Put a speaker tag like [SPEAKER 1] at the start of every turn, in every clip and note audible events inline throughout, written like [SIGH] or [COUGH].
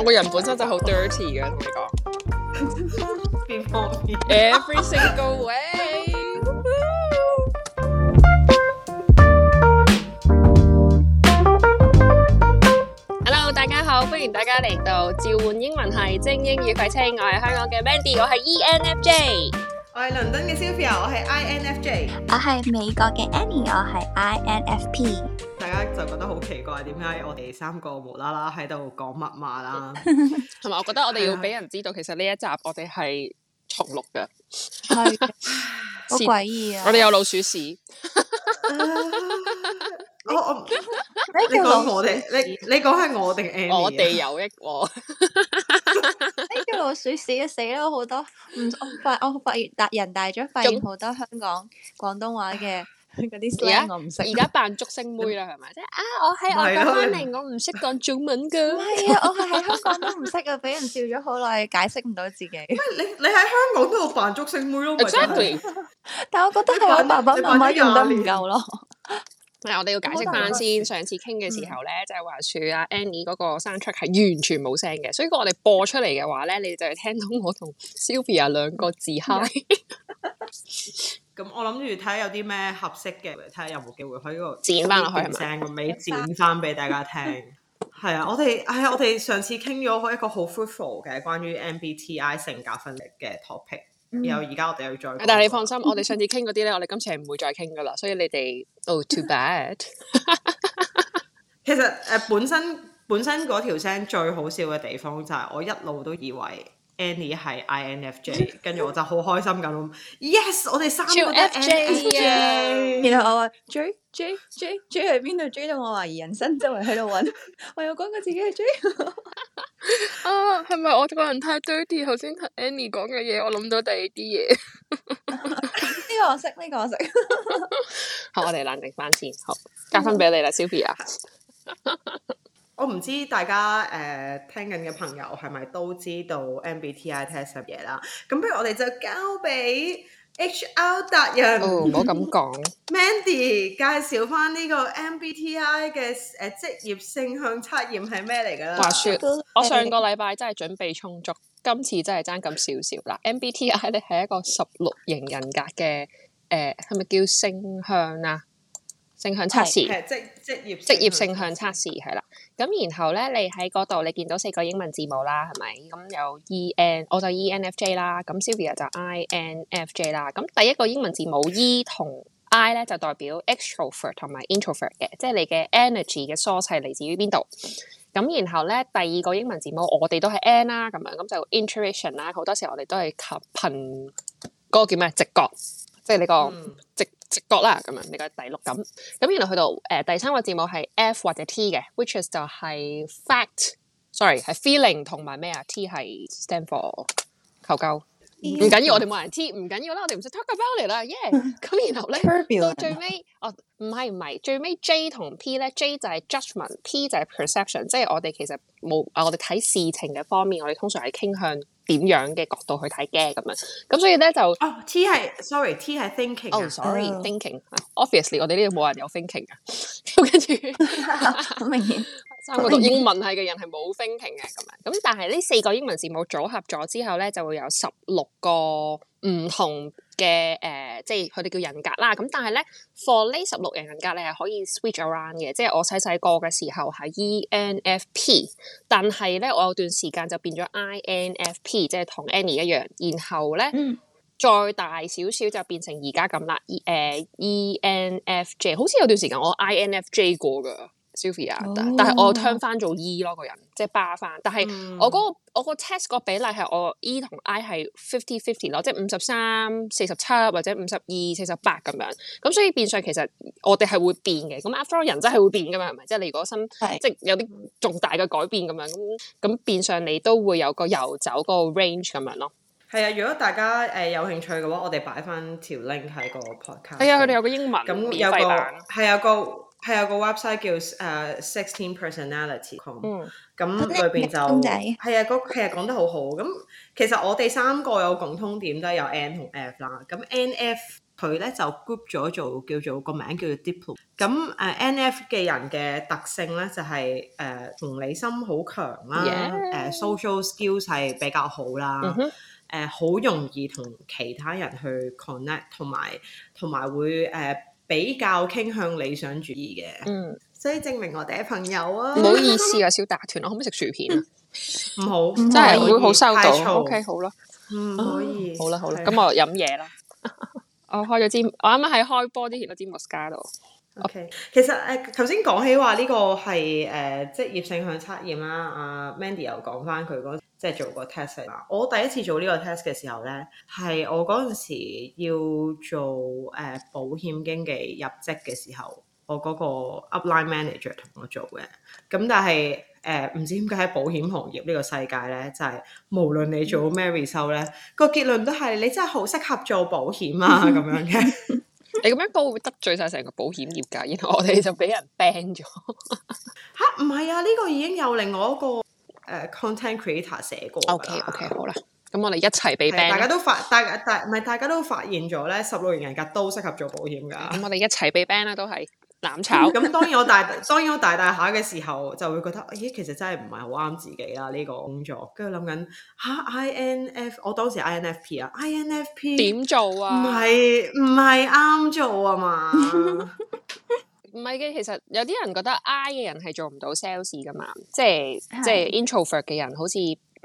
[SPEAKER 1] 我個人本身就好 dirty 嘅，同你講。邊方便？Every single way。Hello，大家好，歡迎大家嚟到召喚英文系精英
[SPEAKER 2] 與廢
[SPEAKER 3] 青，我係香港嘅 Mandy，我係 ENFJ。我係
[SPEAKER 2] 倫敦嘅 Sylvia，我係
[SPEAKER 3] INFJ。我係美國嘅 Annie，我係 INFP。
[SPEAKER 2] 大家就覺得好奇怪，點解我哋三個無啦啦喺度講密碼啦？
[SPEAKER 3] 同埋 [LAUGHS] 我覺得我哋要俾
[SPEAKER 2] 人知道，其實呢一集我哋係重錄嘅，
[SPEAKER 3] 係 [LAUGHS] 好前詭異
[SPEAKER 2] 啊！我哋有老鼠屎。 [LAUGHS] [LAUGHS] 啊、我我你講我哋，你你講係我哋 M， [LAUGHS] 我哋有一個。
[SPEAKER 3] 哎， [LAUGHS] 老鼠屎啊， [LAUGHS] [NOISE] [NOISE] 死啦好多！唔，我發我發現大人大咗，發現好多香港廣東話嘅。嗰啲而家而家扮竹升妹啦，係咪？即係啊！我喺外國返嚟，我唔識講中文噶。唔係啊！我係喺香港都唔識啊，俾人笑咗好耐，解釋唔到自己。
[SPEAKER 2] 你你喺香港都度扮竹升妹咯，咪真係？
[SPEAKER 3] 但我覺得係我爸爸媽媽用得唔夠咯。
[SPEAKER 1] 係我哋要解釋翻先。上次傾嘅時候咧，就係話，說啊 Annie 嗰個生出係完全冇聲嘅。所以，我哋播出嚟嘅話咧，你就聽到我同 Sylvia 兩個字 Hi
[SPEAKER 2] 咁、嗯、我諗住睇下有啲咩合適嘅，睇下有冇機會可以個剪翻落去，成個尾剪翻俾大家聽。係 [LAUGHS] 啊，我哋係啊，我哋上次傾咗一個好 fruitful 嘅關於 MBTI 性格分裂嘅 topic，然後而家我哋又再。嗯、但係你放心，嗯、我哋
[SPEAKER 1] 上次傾嗰啲咧，我哋今次係唔會再傾噶啦，所以你哋 oh too bad。
[SPEAKER 2] [LAUGHS] [LAUGHS] 其實誒、呃，本身本身嗰條聲最好笑嘅地方就係我一路都以為。Annie 係 INFJ，跟住我就好開心咁
[SPEAKER 3] ，yes，我哋三個 NFJ，然後我話 J J J J 喺邊度？J 到我懷疑人生，周圍喺度搵，我有講過自己係 J 啊？係咪我個人太
[SPEAKER 1] dirty？頭先同 Annie 講嘅嘢，我諗到第二啲嘢，呢個我識，呢個我識。
[SPEAKER 2] 好，我哋冷靜翻先，
[SPEAKER 1] 好，加分俾你啦，Sylvia。
[SPEAKER 2] 我唔知大家誒、呃、聽緊嘅朋友係咪都知道 MBTI test 嘢啦？咁不如我哋就交俾 HR 達人，唔好咁講。Mandy 介紹翻呢個 MBTI 嘅誒、呃、職業性向測驗係咩嚟㗎啦？話説我上個禮拜真係準備充足，
[SPEAKER 1] 今次真係爭咁少少啦。MBTI 呢係一個十六型人格嘅誒，係、呃、咪叫性向啊？性向測試，職職業性向測試係，
[SPEAKER 2] 職職業職業
[SPEAKER 1] 性向測試係啦。咁然後咧，你喺嗰度你見到四個英文字母啦，係咪？咁有 E N，我就 E N F J 啦。咁 Sylvia 就 I N F J 啦。咁第一個英文字母 E 同 I 咧，就代表 extrovert 同埋 introvert 嘅，即係你嘅 energy 嘅 source 係嚟自於邊度？咁然後咧，第二個英文字母我哋都係 N 啦，咁樣咁就 intuition 啦。好多時候我哋都係及憑嗰、嗰個叫咩直覺，即係你個、嗯、直。直覺啦，咁樣呢個係第六感，咁然後去到誒第三個字母係 F 或者 T 嘅，which is 就係 fact，sorry 係 feeling 同埋咩啊？T 係 stand for，求救，唔緊要，我哋冇人 T，唔緊要啦，我哋唔使 talk about it 啦，yeah。咁然後咧到最尾，哦唔係唔係，最尾 J 同 P 咧，J 就係 judgment，P 就係 perception，即係我哋其實冇，我哋睇事情嘅方面，我哋通常係傾向。點樣嘅角度去睇嘅咁樣，咁所以咧就哦、oh, T 係 sorry，T 係 thinking 哦 sorry，thinking，obviously、oh, sorry, oh。我哋呢度冇人有 thinking 嘅，跟住明顯三個讀英文係嘅人係冇 thinking 嘅咁樣，咁但係呢四個英文字母組合咗之後咧，就會有十六個唔同。嘅誒、呃，即係佢哋叫人格啦。咁但係咧，for 呢十六型人格你係可以 switch around 嘅。即係我細細個嘅時候係 ENFP，但係咧我有段時間就變咗 INFP，即係同 Annie 一樣。然後咧、嗯、再大少少就變成而家咁啦。E、呃、ENFJ，好似有段時間我 INFJ 過噶。Sylvia，oh。但係我 turn 翻做 E 咯，個人即係巴翻。但係我嗰個我個 test 個比例係我 E 同 I 係 fifty-fifty 咯，50，即係五十三四十七或者五十二四十八咁樣。咁、嗯、所以變相其實我哋係會變嘅。咁 after all 人真係會變噶嘛？係咪？即係你如果身是即係有啲重大嘅改變咁樣，咁變相你都會有個遊走個
[SPEAKER 2] range 咁樣咯。係啊，如果大家誒有興趣嘅話，我哋擺翻條 link 喺個 podcast。係啊，佢哋有個英文，咁有個係有個。係有個 website 叫誒 sixteenpersonality.com 咁裏邊就係啊，嗰係啊講得好好。咁其實我哋三個有共通點都係有 N 同 F 啦。咁 N F 佢咧就 group 咗做叫做，叫做個名叫做 Diplo。咁誒 N F 嘅人嘅特性咧就係、是、誒、呃、同理心好強啦，誒 Yeah.、呃、social skills 係比較好啦，誒、呃、好容易同其他人去 connect，同埋同埋會誒。呃比較傾向理想主義嘅，所以證明我哋係朋友啊！唔、嗯、 [LAUGHS] 好意思啊，小打斷，我可唔可以食薯片唔、啊嗯、好，真係的會好收到。吵 OK，好啦，唔、嗯、可以，好啦，好啦，咁 [LAUGHS] 我
[SPEAKER 1] 飲嘢啦。我開咗支，我啱啱喺開波之前嗰支 Moscato。
[SPEAKER 2] OK，其實誒頭先講起話呢個係誒職業性向測驗啦。阿、啊、Mandy 又講翻佢即係做個 test 啦！我第一次做呢個 test 嘅時候呢，係我嗰陣時要做誒保險經紀入職嘅時候，我嗰個 upline manager 同我做嘅。咁但係誒唔知點解喺保險行業呢個世界呢，就係、是、無論你做咩 retail 咧，個結論都係你真係好適合做保險啊咁 [LAUGHS] 樣嘅。 [LAUGHS] 你咁樣都會,會得罪晒成個保險業界，然後我哋就俾人 ban 咗。嚇唔係啊？呢、啊呢個已經有另外一個。誒、uh, content creator 寫過 O K O K 好啦，咁我哋一齊被 ban、啊。大家都發，大家大唔係大家都發現咗咧，十六型人格都適合做保險㗎。咁我哋一
[SPEAKER 1] 齊被 ban 啦，
[SPEAKER 2] 都係攬炒。咁、 [LAUGHS] 嗯、當然我大，大，當然我大大下嘅時候就會覺得，咦、哎，其實真係唔係好啱自己啦、啊、呢、這個工作。跟住諗緊嚇，I N F，我當時 I N F P 啊，I N F P 點做啊？唔係唔係啱做啊嘛。 [LAUGHS]
[SPEAKER 1] 唔係嘅，其實有啲人覺得 I 嘅人係做唔到 sales 噶嘛，即係的即係 introvert 嘅人，好似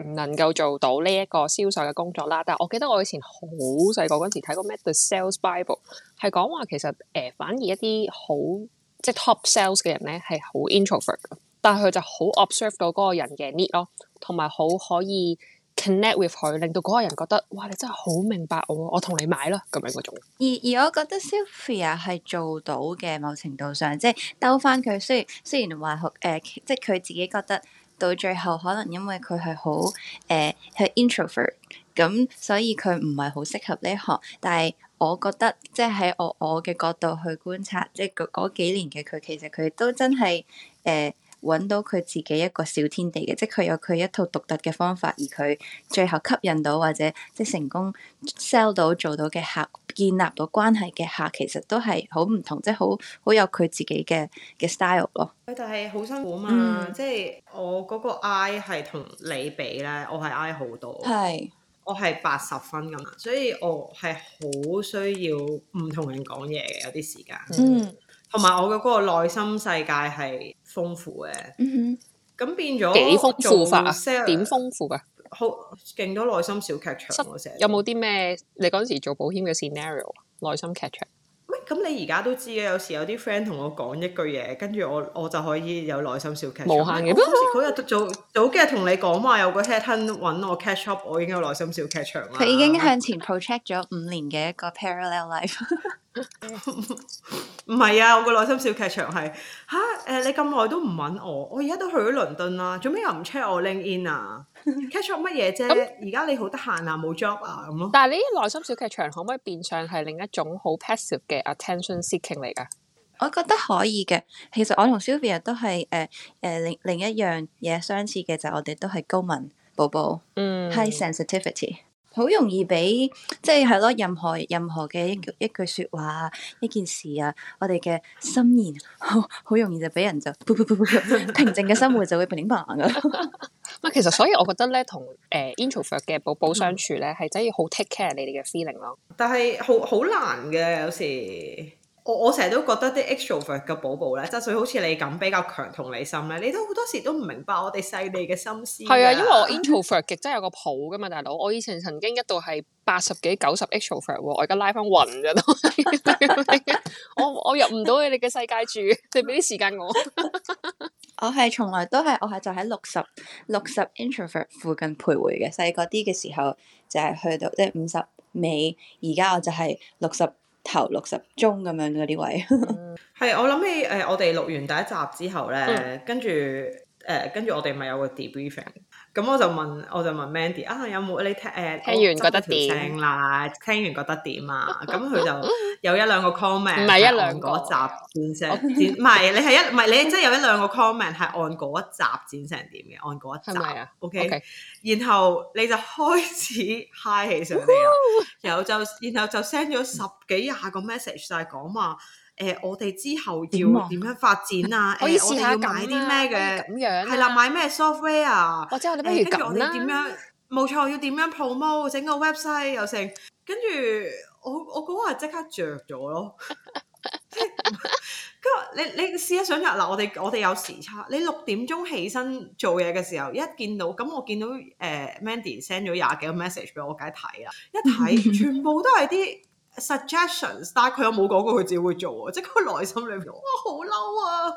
[SPEAKER 1] 唔能夠做到呢一個銷售嘅工作啦。但係我記得我以前好細個嗰陣時睇過《Make the Sales Bible》，係講話其實誒、呃,反而一啲好即係 top sales 嘅人咧，係好 introvert，但係佢就好 observe 到嗰個人嘅 need 咯，同埋好可以。connect with 佢，令到嗰個人覺得，哇！你真係好明白我，我同你買啦咁樣嗰種。
[SPEAKER 3] 而而我覺得 Sylvia 係做到嘅某程度上，即係兜翻佢。雖然雖然話誒，即係佢自己覺得到最後，可能因為佢係好誒係、呃、introvert，咁所以佢唔係好適合呢行。但係我覺得即係喺我我嘅角度去觀察，即係嗰幾年嘅佢，其實佢都真係誒。呃揾到佢自己一個小天地嘅，即係佢有佢一套獨特嘅方法，而佢最後吸引到或者即係成功 sell 到做到嘅客，建立到關係嘅客，其實都係好唔同，即係好好有佢自己嘅嘅 style 咯。
[SPEAKER 2] 佢就係好辛
[SPEAKER 3] 苦吖嘛，嗯、
[SPEAKER 2] 即係我嗰個 I 係同你比咧，我係 I 好多，是我係八十分咁，所以我係好需要唔同人講嘢嘅有啲時間。嗯同埋我嘅嗰個內心世界係豐富嘅，咁、嗯、哼變咗幾豐富啊？點豐富噶？好，勁多內心小劇場失
[SPEAKER 1] 有冇啲咩？你嗰時做保險嘅 scenario，內心劇場
[SPEAKER 2] 咪？咁你而家都知嘅，有時有啲 friend 同我講一句嘢，跟住我我就可以有內心小劇場無限嘅。嗰日早早幾日同你講話有個 head hunt 揾我 catch up，我已經有內心小劇場啦。佢已經
[SPEAKER 3] 向前 project 咗五年嘅一個 parallel life。 [LAUGHS]
[SPEAKER 2] 唔係 [LAUGHS] 啊，我個內心小劇場係吓誒，你咁耐都唔搵我，我而家都去咗倫敦啦，做咩又唔 check 我 link in 啊 [LAUGHS] ？catch up 乜嘢啫？而家、嗯、你好得閒啊，冇 job 啊咁咯。但係呢啲內心小劇場可唔可以變相係另一種好 passive
[SPEAKER 3] 嘅 attention seeking 嚟噶？我覺得可以嘅。其實我同 Sylvia 都係誒誒，另另一樣嘢相似嘅就係我哋都係高敏寶寶，嗯 high sensitivity。好容易俾即係咯，任何任何嘅一句一句説話，一件事啊，我哋嘅心言好容易就俾人就 [LAUGHS] 平靜嘅生活就會變爆啊！唔係，其實所以我覺得咧，同誒、呃、introvert
[SPEAKER 1] 嘅寶寶相處咧，係真係好 take care 你哋嘅 feeling 咯。
[SPEAKER 2] 但係好好難嘅有時。我我成日都覺得啲 extrovert 嘅寶寶咧，就算好似你咁比較強同理心咧，你都好多時都唔明白我哋細膩嘅心思。係啊，因為我
[SPEAKER 1] introvert 極，真係有個譜噶嘛，大佬。我以前曾經一度係八十幾九十 extrovert 喎，我而家拉翻暈咗都。我我入唔到你哋嘅世界住，你俾啲時間我。
[SPEAKER 3] 我係從來都係我係就喺六十六十 introvert 附近徘徊嘅，細個啲嘅時候就係去到即係五十尾，而家我就係六十。頭六十鐘咁樣嗰啲位、 [LAUGHS] 嗯，
[SPEAKER 2] 係我諗起誒，我哋、呃、錄完第一集之後咧、嗯呃，跟住誒，跟住我哋咪有個 debriefing。咁、嗯、我就問我就問 Mandy 啊，有冇你聽誒、呃、聽完，條聲聽完覺得點啦？聽完覺得點啊？咁佢 [LAUGHS] 就有一兩個 comment 唔係 [LAUGHS] 一兩個集剪成唔係你係一唔係你係真係有一兩個 comment 係按嗰一集剪成點嘅？按嗰一集係咪啊？OK，okay. 然後你就開始 high 起上嚟 [LAUGHS] 然後就然後就 send 咗十幾廿個 message 就係講話。誒、呃，我哋之後要點樣發展啊？我試下咁啦。咁樣係、啊、啦、啊，買咩、啊、software？我、呃、跟住我哋點樣、咁啦。冇、啊、錯，要點樣 promote 整個 website 又成，跟住我我嗰日即刻着咗咯。即係， [LAUGHS] [LAUGHS] [LAUGHS] 跟住你你試一下想下，嗱，我哋我哋有時差。你六點鐘起身做嘢嘅時候，一見到咁，我見到誒、呃、Mandy send 咗廿幾個 message 俾我，梗係睇啦。 [LAUGHS] 一睇全部都係啲。 [LAUGHS] Suggestions，但係佢又冇講過佢自己會做喎，即係佢內心裏面，哇，好嬲啊，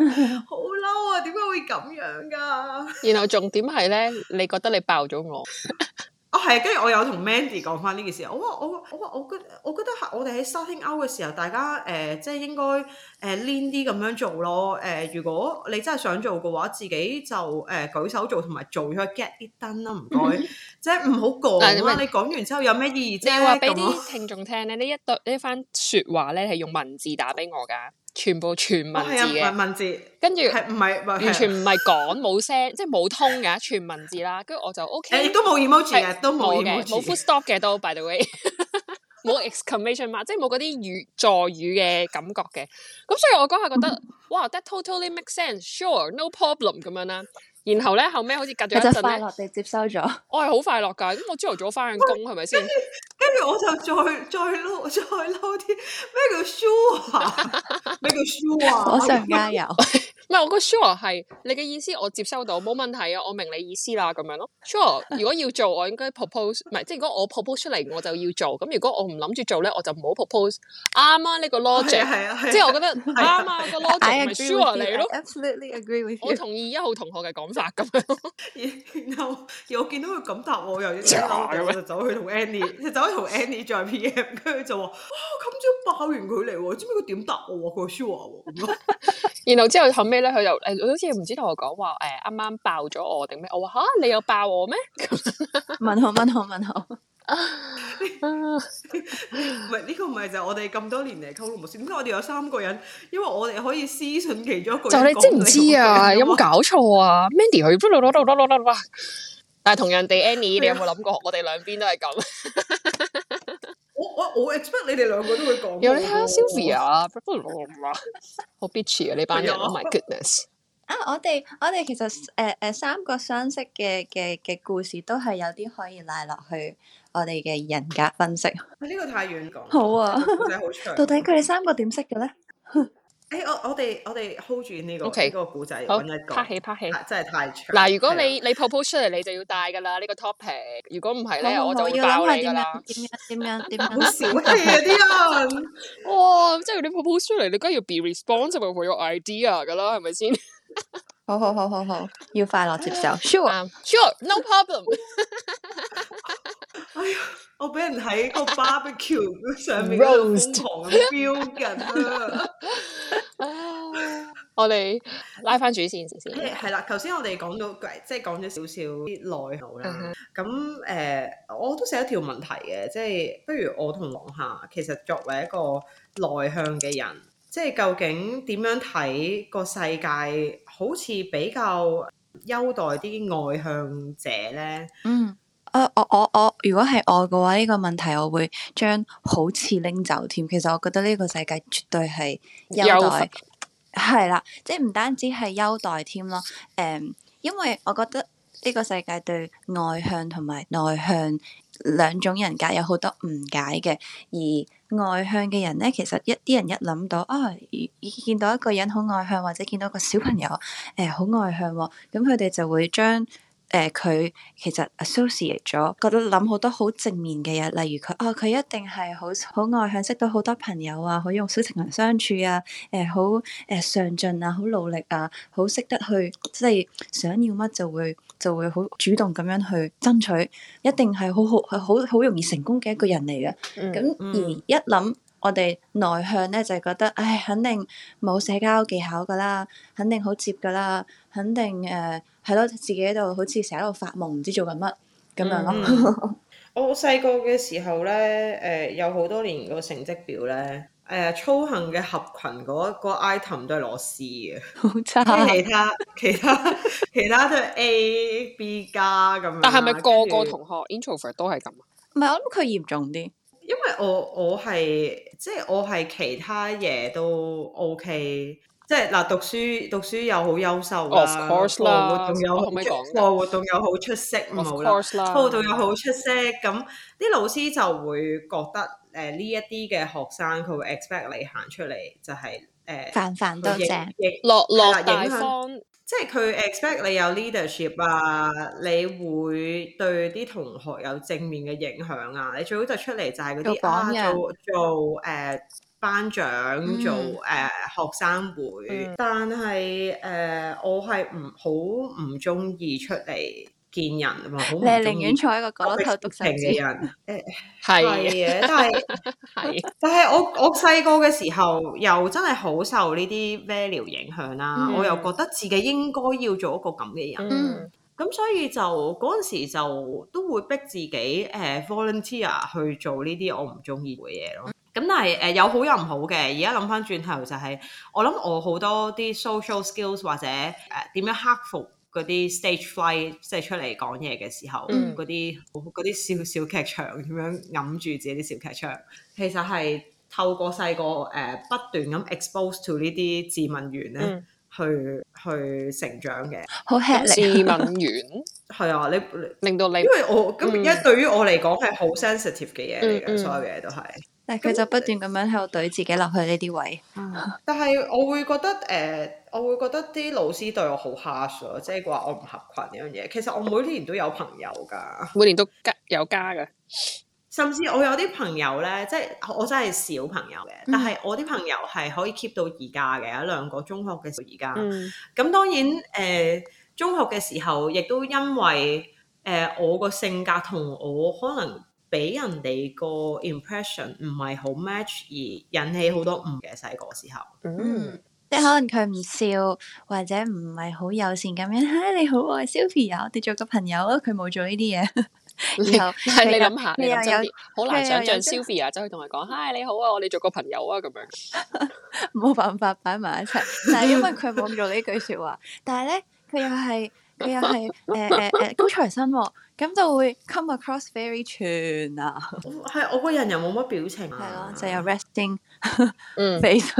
[SPEAKER 2] 好嬲啊，點解會咁樣㗎、啊？ [LAUGHS] 然
[SPEAKER 1] 後重點係呢，你覺得你爆咗我。 [LAUGHS]
[SPEAKER 2] 哦、我跟住我有同 Mandy 講返呢件事。我話我我話我覺我覺得我哋喺 starting out 嘅時候，大家誒、呃、即係應該誒練啲咁樣做咯。誒、呃，如果你真係想做嘅話，自己就誒、呃、舉手做同埋做咗 get 啲燈啦。唔該，嗯、即係唔好講啦。你講完之後有咩意見？即係你話俾啲
[SPEAKER 1] 聽眾聽咧？呢一段呢番
[SPEAKER 2] 説話咧係
[SPEAKER 1] 用文字打俾我㗎。全部全文字嘅，文字，跟住係唔係完全唔係講冇聲，即係冇通嘅全文字啦。跟住我就 O K。亦都冇 emoji 嘅，都冇嘅，冇 full stop 嘅都，by the way，冇 exclamation mark，即係冇嗰啲語助語嘅感覺嘅。咁所以我嗰下覺得，哇，that totally makes sense，sure，no problem 咁樣啦。然後咧後尾好似隔咗一陣咧，就快樂地接收咗。我係好快樂㗎，咁我朝頭早返緊工係咪先？跟住我就再再撈再撈啲咩叫 sure 咩叫 sure？我想加油。唔係我個 sure 係你嘅意思，我接收到冇問題啊，我明你意思啦，咁樣咯。Sure，如果要做，我應該 propose，唔係即係如果我 propose 出嚟，我就要做。咁如果我唔諗住做咧，我就唔好 propose。啱啱呢個 logic 係啊，即係我覺得啱啱個 logic 唔 sure 你咯。
[SPEAKER 3] Absolutely agree with 你。我同
[SPEAKER 1] 意一號
[SPEAKER 2] 同學嘅講法咁樣。然然後，我見到佢咁答，我又要再撈，我就走去同 Annie，同 Andy 再 PM，佢，住就話：哇，咁朝爆完佢嚟，
[SPEAKER 3] 知唔知佢點答我？佢話 Sylvia。
[SPEAKER 1] [LAUGHS] 然後之後後尾咧，佢又誒，好似唔知同我講話，誒，啱啱爆咗我定咩？我話吓、哎啊，你又爆我咩？
[SPEAKER 3] [LAUGHS] 問號，問號，問號。
[SPEAKER 2] 唔係呢個唔係就我哋咁多年嚟溝通模式，點解我哋有三個人？因為我哋可以私信其中一個就你知唔知啊？有冇
[SPEAKER 3] 搞
[SPEAKER 1] 錯啊？Mandy 佢。但係同樣
[SPEAKER 2] 地 Annie 你有冇諗過我兩邊都？ [LAUGHS] 我哋兩
[SPEAKER 1] 邊都係咁。我我我 expect 你哋兩個都會講。有你睇 Sylvia, [LAUGHS] [LAUGHS] y l v i a 好 bitchy 啊，呢班人 my goodness！
[SPEAKER 3] 啊，我哋我哋其實誒誒、呃，三個相識嘅嘅嘅故事都係有啲可以拉落去我哋嘅人格分析。呢、啊這
[SPEAKER 2] 個太遠講。好啊。 [LAUGHS] 到底佢哋
[SPEAKER 3] 三個點識嘅咧？ [LAUGHS]
[SPEAKER 2] 誒，我我哋我哋 hold 住呢個呢個古仔，拍戲拍戲，真係太長。嗱，如果你
[SPEAKER 1] 你 proposal 出嚟，你
[SPEAKER 2] 就要帶噶啦呢個 topic。如果唔係咧，
[SPEAKER 1] 我就要爆你噶啦。點樣
[SPEAKER 3] 點樣點樣？好小氣啊啲
[SPEAKER 2] 人！
[SPEAKER 1] 哇，即係你 proposal 出嚟，你梗係要 be response 啊，會有 idea 噶啦，係咪先？
[SPEAKER 3] 好，好，好，好，好，you find 我接受，sure，sure，no
[SPEAKER 1] problem。
[SPEAKER 2] 哎呀！ [LAUGHS] 我俾人喺個 barbecue 上面喺度瘋狂咁飆緊啊！我哋拉
[SPEAKER 1] 翻主線先先
[SPEAKER 2] 係啦，頭先、 [LAUGHS] 嗯、我哋講到即係講咗少少內耗啦。咁誒、呃，我都寫一條問題嘅，即係不如我同龍夏，其實作為一個內向嘅人，即係究竟點樣睇個世界？好似比較優待啲外向者咧。嗯、
[SPEAKER 3] mm。Hmm. 誒，我我我，如果係我嘅話，呢、呢個問題我會將好似拎走添。其實我覺得呢個世界絕對係優待，係啦惠，即係唔單止係優待添咯。誒、嗯，因為我覺得呢個世界對外向同埋內向兩種人格有好多誤解嘅，而外向嘅人呢，其實一啲人一諗到啊，見到一個人好外向，或者見到個小朋友誒好外向，咁佢哋就會將。誒佢、呃、其實 associate 咗，覺得諗好多好正面嘅嘢，例如佢哦，佢一定係好好外向，愛識到好多朋友啊，好用小情人相處啊，誒好誒上進啊，好努力啊，好識得去即係想要乜就會就會好主動咁樣去爭取，一定係好好係好好容易成功嘅一個人嚟嘅。咁、嗯、而一諗。嗯我哋內向咧就係、是、覺得，唉，肯定冇社交技巧噶啦，肯定好接噶啦，肯定誒係咯，自己喺度好似成日喺度發夢，唔知做緊乜咁樣咯。嗯、
[SPEAKER 2] 我好細個嘅時候咧，誒、呃、有好多年個成績表咧，誒、呃、操行嘅合群嗰、那個、那個、item 都係攞 C 嘅，好差，其他 [LAUGHS] 其他其他都係 A B、B 加咁樣。但係咪個，個個同學 [LAUGHS] introvert 都係
[SPEAKER 3] 咁啊？唔係，我諗佢嚴重啲。
[SPEAKER 2] 因為我我係即係我係其他嘢都 OK，即係嗱讀書讀書又好優秀啦，課活動又好出色冇啦，課活動又好出色，咁啲 course 老師就會覺得誒呢、呃、一啲嘅學生佢會 expect 你行出嚟就係、是、誒，繁、呃、繁多謝，
[SPEAKER 3] 落落大方。
[SPEAKER 2] 即係佢 expect 你有 leadership 啊，你會對啲同學有正面嘅影響啊，你最好就出嚟就係嗰啲做、啊、做做誒、呃、班長，做誒、呃、學生會。嗯、但係誒、呃，我係唔好唔中意出嚟。見人嘛，你係寧願坐喺個角落頭讀書嘅人？
[SPEAKER 3] 誒係嘅，
[SPEAKER 2] 但係係，但係我我細個嘅時候又真係好受呢啲 value 影響啦。嗯、我又覺得自己應該要做一個咁嘅人，咁、嗯、所以就嗰陣時就都會逼自己誒 volunteer、呃、去做呢啲我唔中意嘅嘢咯。咁、嗯、但係誒、呃、有好有唔好嘅。而家諗翻轉頭就係、是、我諗我好多啲 social skills 或者誒點、呃呃、樣克服。嗰啲 stage fright 即係出嚟講嘢嘅時候，嗰啲啲小小劇場咁樣揞住自己啲小劇場，其實係透過細個誒不斷咁 expose to 呢啲自問員咧，嗯、去去成長嘅，好吃力。 [LAUGHS] 自問員係啊，你令到你，因為我咁而家對於我嚟講係好 sensitive 嘅嘢嚟嘅，嗯嗯所有嘢都係。
[SPEAKER 3] 但佢就不斷咁樣喺度懟自己落去呢啲位。
[SPEAKER 2] 嗯、但係我會覺得誒、呃，我會覺得啲老師對我好下 a r d 咯，即係話我唔合群呢樣嘢。其實我每年都有朋友噶， [LAUGHS] 每年都加有加噶。甚至我有啲朋友呢，即、就、係、是、我真係小朋友嘅。嗯、但係我啲朋友係可以 keep 到而家嘅，有兩個中學嘅候而家。咁、嗯、當然誒、呃，中學嘅時候亦都因為誒、呃，我個性格同我可能。俾人哋個 impression 唔係好 match 而引起好多誤嘅細個時候，嗯，
[SPEAKER 3] 即係可能佢唔笑或者唔係好友善咁樣，嗨、啊，你好啊，Sylvia，我哋做個朋友啊，佢冇做呢啲嘢。然後係你諗下，你又有好難想象
[SPEAKER 1] Sylvia 走去同佢講，嗨，你好啊，我哋做個朋友啊，咁樣
[SPEAKER 3] 冇辦法擺埋一齊。但係因為佢冇做呢句説話， [LAUGHS] 但係咧佢又係。佢又係誒誒誒高材生喎、哦，咁就會 come across very 全啊！係我個人又冇乜表情、啊，係咯， [LAUGHS] 就有 resting face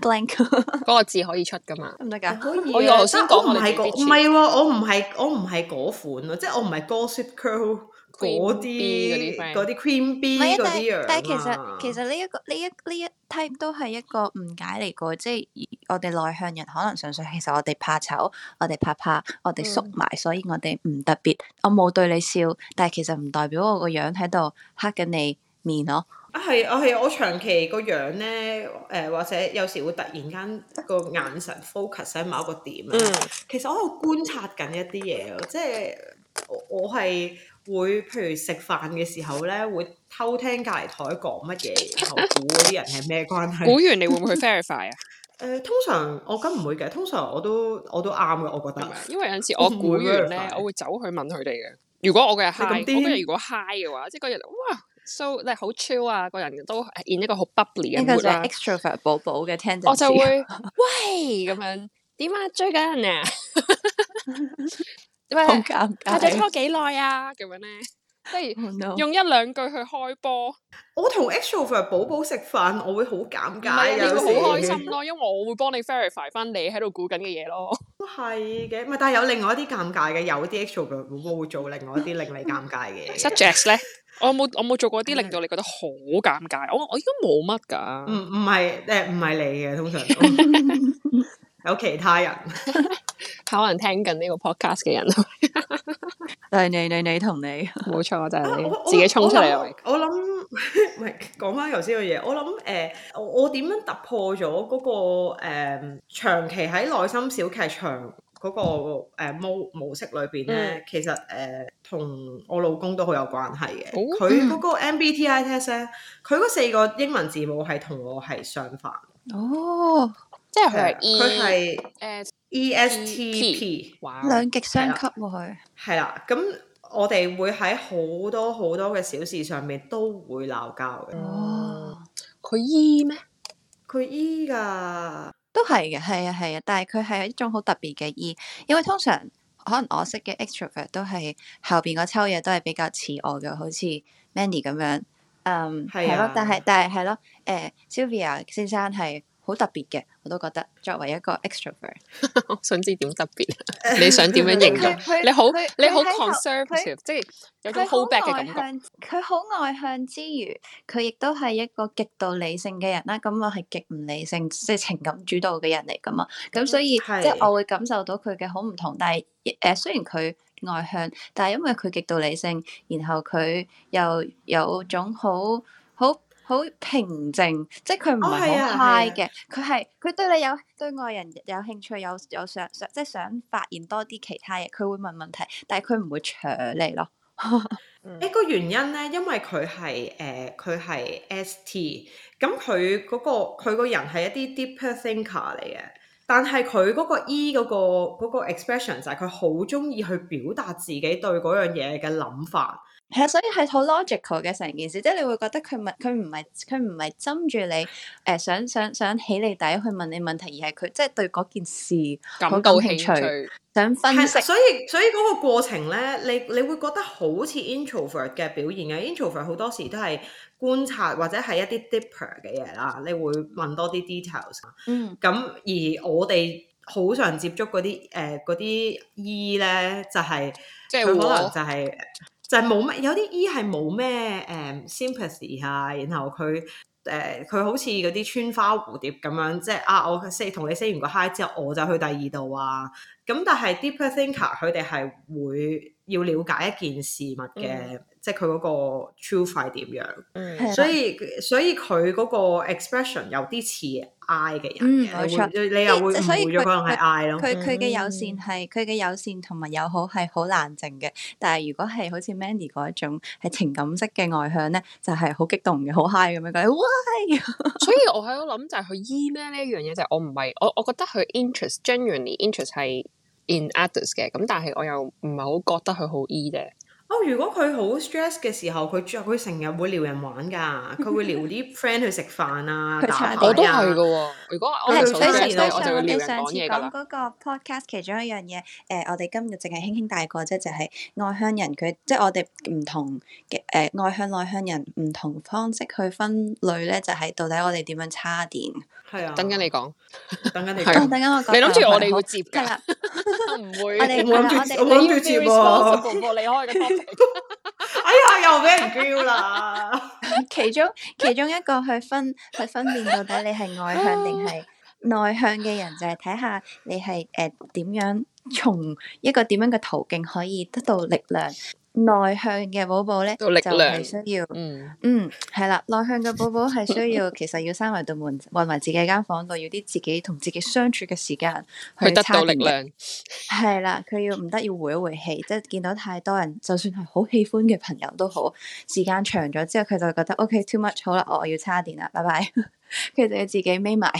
[SPEAKER 3] blank 嗰個字可以出噶嘛？得唔得㗎？可以。我原先講唔係講唔
[SPEAKER 2] 係我唔係我唔係嗰款咯，即係我唔係 gossip girl。嗰啲嗰啲 queen bee 嗰樣、啊，但係其實其
[SPEAKER 3] 實呢、這、一個呢一呢一 type 都係一個誤解嚟㗎，即、就、係、是、我哋內向人可能純粹其實我哋怕醜，我哋怕怕，我哋縮埋，所以我哋唔特別。嗯、我冇對你笑，但係其實唔代表我個樣喺度黑緊你面咯。
[SPEAKER 2] 啊係啊係、啊啊，我長期個樣咧誒、呃，或者有時會突然間個眼神 focus 喺某一個點啊。嗯、其實我喺度觀察緊一啲嘢咯，即係我我係。我會，譬如食飯嘅時候咧，會偷聽隔離台講乜嘢，然後估嗰啲人係咩關係？估完你會唔會去 verify 啊？誒、 [LAUGHS] 呃，通常我咁唔會嘅，通常我都我都啱嘅，我覺得。因為
[SPEAKER 1] 有陣時我估完咧， [LAUGHS] 我
[SPEAKER 2] 會走去問佢哋嘅。如果我嘅人 high
[SPEAKER 1] 如果 high 嘅話，即係個人哇，so 你好 chill 啊，個人都
[SPEAKER 3] 演一個好 bubbly 嘅。extra 嘅寶寶嘅聽就。我就會
[SPEAKER 1] [LAUGHS] 喂咁樣，點啊追緊人啊！
[SPEAKER 2] [LAUGHS] [LAUGHS]
[SPEAKER 3] 好喂尷尬，拍拖
[SPEAKER 1] 幾耐啊？咁樣咧，即、就、係、是
[SPEAKER 2] oh、no. 用一兩句去開波。我同 extrovert 寶寶食飯，我會好尷尬，你好是開心
[SPEAKER 1] 咯，因為我會幫你 verify 翻你喺度估緊嘅嘢咯。都係
[SPEAKER 2] 嘅，唔係，但係有另外一啲尷尬嘅，有啲 extrovert 寶寶會做另外一啲令你尷尬嘅嘢。 [LAUGHS] suggest 咧，我冇，我冇做過啲令到你覺得好尷尬。我我應該冇乜噶，唔唔係，誒唔係你嘅，通常，常都有其他人。 [LAUGHS]
[SPEAKER 1] 可能聽緊呢個 podcast 嘅人， [LAUGHS] 你你你你同你冇錯，就係、你啊、自己衝出嚟。
[SPEAKER 2] 我諗，唔係講翻頭先嘅嘢。我諗，誒、呃，我點樣突破咗嗰、那個誒、呃、長期喺內心小劇場嗰、那個、呃、模模式裏邊咧？嗯、其實誒，同、呃、我老公都好有關係嘅。佢嗰、哦、個 MBTI test 咧，佢嗰四個英文字母係同我係相反。
[SPEAKER 3] 哦。即係佢係誒 E S T P，兩極相吸喎，佢
[SPEAKER 2] 係啦，咁我哋會喺好多好多嘅小事上面都會鬧交嘅。哦，
[SPEAKER 3] 佢 E 咩？佢 E 噶都係嘅，係啊，係啊，但係佢係一種好特別嘅 E，因為通常可能我識嘅 Extrovert 都係後邊個抽嘢，都係比較似我嘅，好似 Mandy 咁樣，嗯係咯，但係但係係咯，誒、欸、Sylvia 先生係。好特別嘅，我都覺得作為一個 extrovert [LAUGHS] 想知點特別 [LAUGHS] 你想點樣形容？你好，他你好 conservative 即係有個 hold back 嘅感覺。佢好外向，佢好外向之餘，佢亦都係一個極度理性嘅人啦。咁我係極唔理性，即係情感主導嘅人嚟噶嘛。咁所以 [LAUGHS] 的即係我會感受到佢嘅好唔同。但係誒，雖然佢外向，但係因為佢極度理性，然後佢又有種好好。好平靜，即係佢唔係好 high 嘅，佢係佢對你有對外人有興趣，有有想想即係想發現多啲其他嘢，佢會問問題，但係佢唔會搶你咯。 [LAUGHS]
[SPEAKER 2] 一個原因咧，因為佢係誒佢係 ST，咁佢嗰個佢個人係一啲 deep thinker 嚟嘅，但係佢嗰個 E 嗰個嗰個 expression 就係佢好中意去表達自己對嗰樣嘢嘅諗法。
[SPEAKER 3] 係啊，所以係好 logical 嘅成件事，即係你會覺得佢問佢唔係佢唔係針住你誒、呃，想想想起你底去問你問題，而係佢即係對嗰件事感夠興趣，興趣想分析。
[SPEAKER 2] 所以所以嗰個過程咧，你你會覺得好似 introvert 嘅表現啊，introvert 好多時都係觀察或者係一啲 deeper 嘅嘢啦。你會問多啲 details。嗯，咁而我哋好常接觸嗰啲誒嗰啲 E 咧，就係、是、佢可能就係、是。就係冇乜，有啲 E 係冇咩誒 sympathy 啊，然後佢誒佢好似嗰啲穿花蝴蝶咁樣，即係啊，我同你 say 完個 hi 之後，我就去第二度啊。咁、嗯嗯、但係 deep、er、thinker 佢哋係會要了解一件事物嘅，嗯、即係佢嗰個 truth 係點樣，所以所以佢嗰個 expression 有啲似。嗌嘅人嘅，你又會，會，所以佢佢佢嘅友善
[SPEAKER 3] 係佢嘅友善同埋友好係好冷靜嘅，但係如果係好似 Mandy 嗰一種係情感式嘅外向咧，就係、是、好激動嘅，好 high 咁樣嘅。覺得 [LAUGHS] 所以
[SPEAKER 1] 我喺度諗就係佢 e m a i 呢一樣嘢，就係、是、我唔係我我覺得佢 interest genuinely interest 係 in others 嘅，咁但係我又唔係好覺得佢好 e 嘅。
[SPEAKER 2] 哦，如果佢好 stress 嘅時候，佢著佢成日會撩人玩噶，佢會撩啲 friend 去食飯啊、打牌啊。我都係噶喎。如果我哋非常非常我哋上次講嗰
[SPEAKER 3] 個 podcast 其中一樣嘢，誒，我哋今日淨係輕輕帶過啫，就係外向人佢，即係我哋唔同嘅，誒，外向內向人唔同方式去分類咧，就係到底我哋點樣叉電？係啊，等緊你講，等緊你等緊我講。你諗住我哋會接噶？唔會，我哋冇斷，接斷接喎。你開個。 [LAUGHS] 哎呀！又俾人叫喇。 [LAUGHS] 其中其中一個去分去分辨到底你係外向定係內向嘅人， [LAUGHS] 就係睇下你係誒點樣從一個點樣嘅途徑可以得到力量。內向嘅寶寶咧就係需要，嗯，係啦、嗯，內向嘅寶寶係需要， [LAUGHS] 其實要閂埋道門，運埋自己間房度，要啲自己同自己相處嘅時間去，去得到力量，係啦，佢要唔得要回一回氣，即係見到太多人，就算係好喜歡嘅朋友都好，時間長咗之後，佢就會覺得 [LAUGHS] ，OK too much，好啦，我要叉電啦，拜拜，佢 [LAUGHS] 就要自己眯埋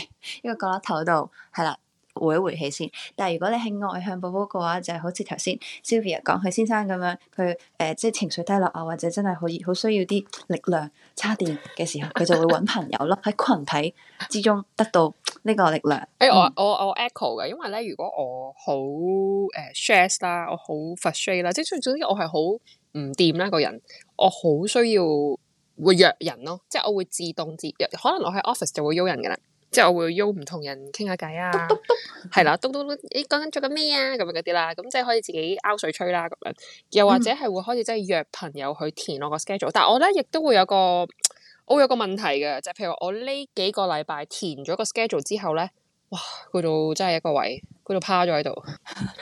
[SPEAKER 3] 一個角落頭度，係啦。回一回氣先。但係如果你係外向寶寶嘅話，就係、是、好似頭先 Sylvia 講佢先生咁樣，佢誒、呃、即係情緒低落啊，或者真係好熱，好需要啲力量，叉電嘅時候，佢就會搵朋友咯，喺 [LAUGHS] 群體之中得到呢個力量。誒、
[SPEAKER 1] 欸，我我我 echo 嘅，因為咧，如果我好誒 share 啦，我好 frustrate 啦，即係總之我係好唔掂啦，個人我好需要會約人咯，即係我會自動自約可能我喺 office 就會邀人噶啦。即係我會邀唔同人傾下偈啊，係的、啊、啦，咚咚咚，你講緊做緊咩啊？咁樣嗰啲啦，咁即係可以自己拗水吹啦，咁樣。又或者係會開始即係約朋友去填我個 schedule，、嗯、但係我咧亦都會有個我會有個問題嘅，就係譬如我呢幾個禮
[SPEAKER 3] 拜填咗個 schedule 之後
[SPEAKER 1] 咧，哇，嗰度真係一個位，嗰度趴咗喺度，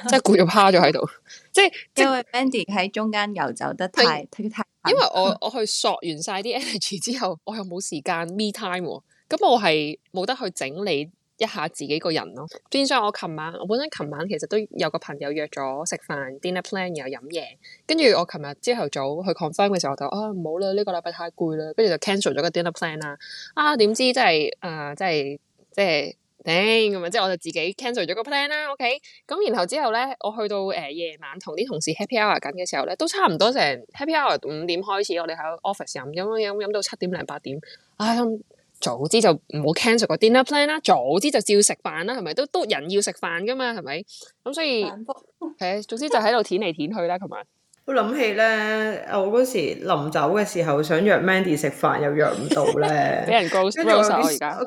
[SPEAKER 3] 即係攰到趴咗喺度，即係 [LAUGHS] 因為 Mandy 喺中間游走得太是
[SPEAKER 1] 太難，因為我我去索完晒啲 energy 之後，我又冇時間 me time。 [LAUGHS] [LAUGHS] 咁我係冇得去整理一下自己個人咯。變咗我琴晚，我本身琴晚其實都有個朋友約咗食飯，dinner plan 然後飲嘢。跟住我琴日朝頭早去 confirm 嘅時候，我就啊唔好啦，呢個禮拜太攰啦，跟住就 cancel 咗個 dinner plan 啦。啊點知真係誒真係即係頂咁啊！即係、呃、我就自己 cancel 咗個 plan 啦。OK，咁然後之後咧，我去到誒夜、呃、晚同啲同事 happy hour 緊嘅時候咧，都差唔多成 happy hour 五點開始，我哋喺 office 飲飲飲飲到七點零八點，唉、啊。嗯早知就唔好 cancel 個 dinner plan 啦，早知就照食飯啦，係咪？都都人要食飯噶嘛，係咪？咁、嗯、所以，係卻，okay，總之就喺度舔嚟舔去啦，同埋。
[SPEAKER 2] 我諗起咧，我嗰時臨走嘅時候，想約 Mandy 食飯， [LAUGHS] 又約唔到咧，俾 [LAUGHS] 人告手而跟住我，Rose 我，我好，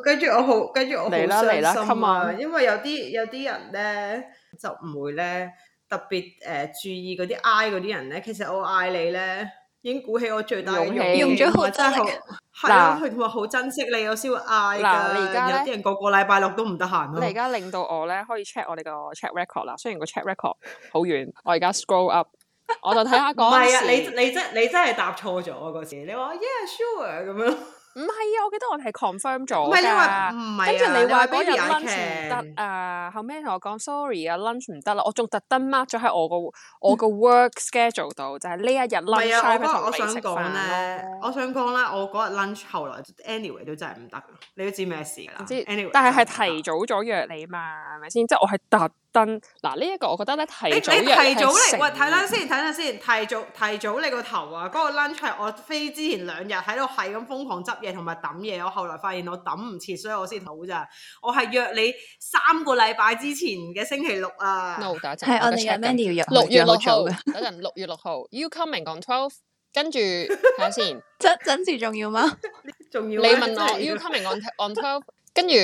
[SPEAKER 2] 跟住我好啦，傷心啊！因為有啲有啲人咧，就唔會咧，特別誒注意嗰啲 I 嗰啲人咧，其實我嗌你咧。已經鼓起我最大勇氣，用咗好真係，係啊，佢話好珍惜你，我先會嗌噶。你而家有啲人個個禮拜六都唔得閒咯。你而家
[SPEAKER 1] 令到我咧可以 check 我哋個 check record 啦，雖然個 check record
[SPEAKER 2] 好遠， [LAUGHS] 我而家 scroll up，我就睇下。唔係 [LAUGHS] 啊，你你，你，你真你真係答錯咗嗰時，你話 yeah sure 咁樣。 [LAUGHS] 唔係啊，我記得我哋係 confirm 咗唔係你話，唔係跟住你話嗰、啊、日 lunch 唔得啊，
[SPEAKER 1] 後尾同我講 sorry 啊，lunch 唔得啦，我仲特登 mark 咗喺我個我個 work schedule 度， [LAUGHS] 就係呢一日 lunch 我想講
[SPEAKER 2] 咧，我想講啦，我嗰日 lunch 後來 anyway 都真係唔得，你都知咩事啦、啊。anyway，但係係提早咗約你嘛，係
[SPEAKER 1] 咪先？即係我係特。燈嗱呢一個，我覺得咧提早有係成。睇啦、欸，等等先，
[SPEAKER 2] 睇等，等先，提早提早你個頭啊！嗰、那個 lunch 係我飛之前兩日喺度係咁瘋狂執嘢同埋抌嘢，我後來發現我抌唔切，所以我先好咋。我係約你三個禮拜之前嘅星期六啊。No，等陣。係我哋
[SPEAKER 3] 有咩要約？六月六號。6
[SPEAKER 2] 6等陣，六月六號。You coming on twelve？跟住
[SPEAKER 1] 睇下先。真真 [LAUGHS] 重要嗎？仲要。你問我 [LAUGHS] ，You coming on on twelve？跟住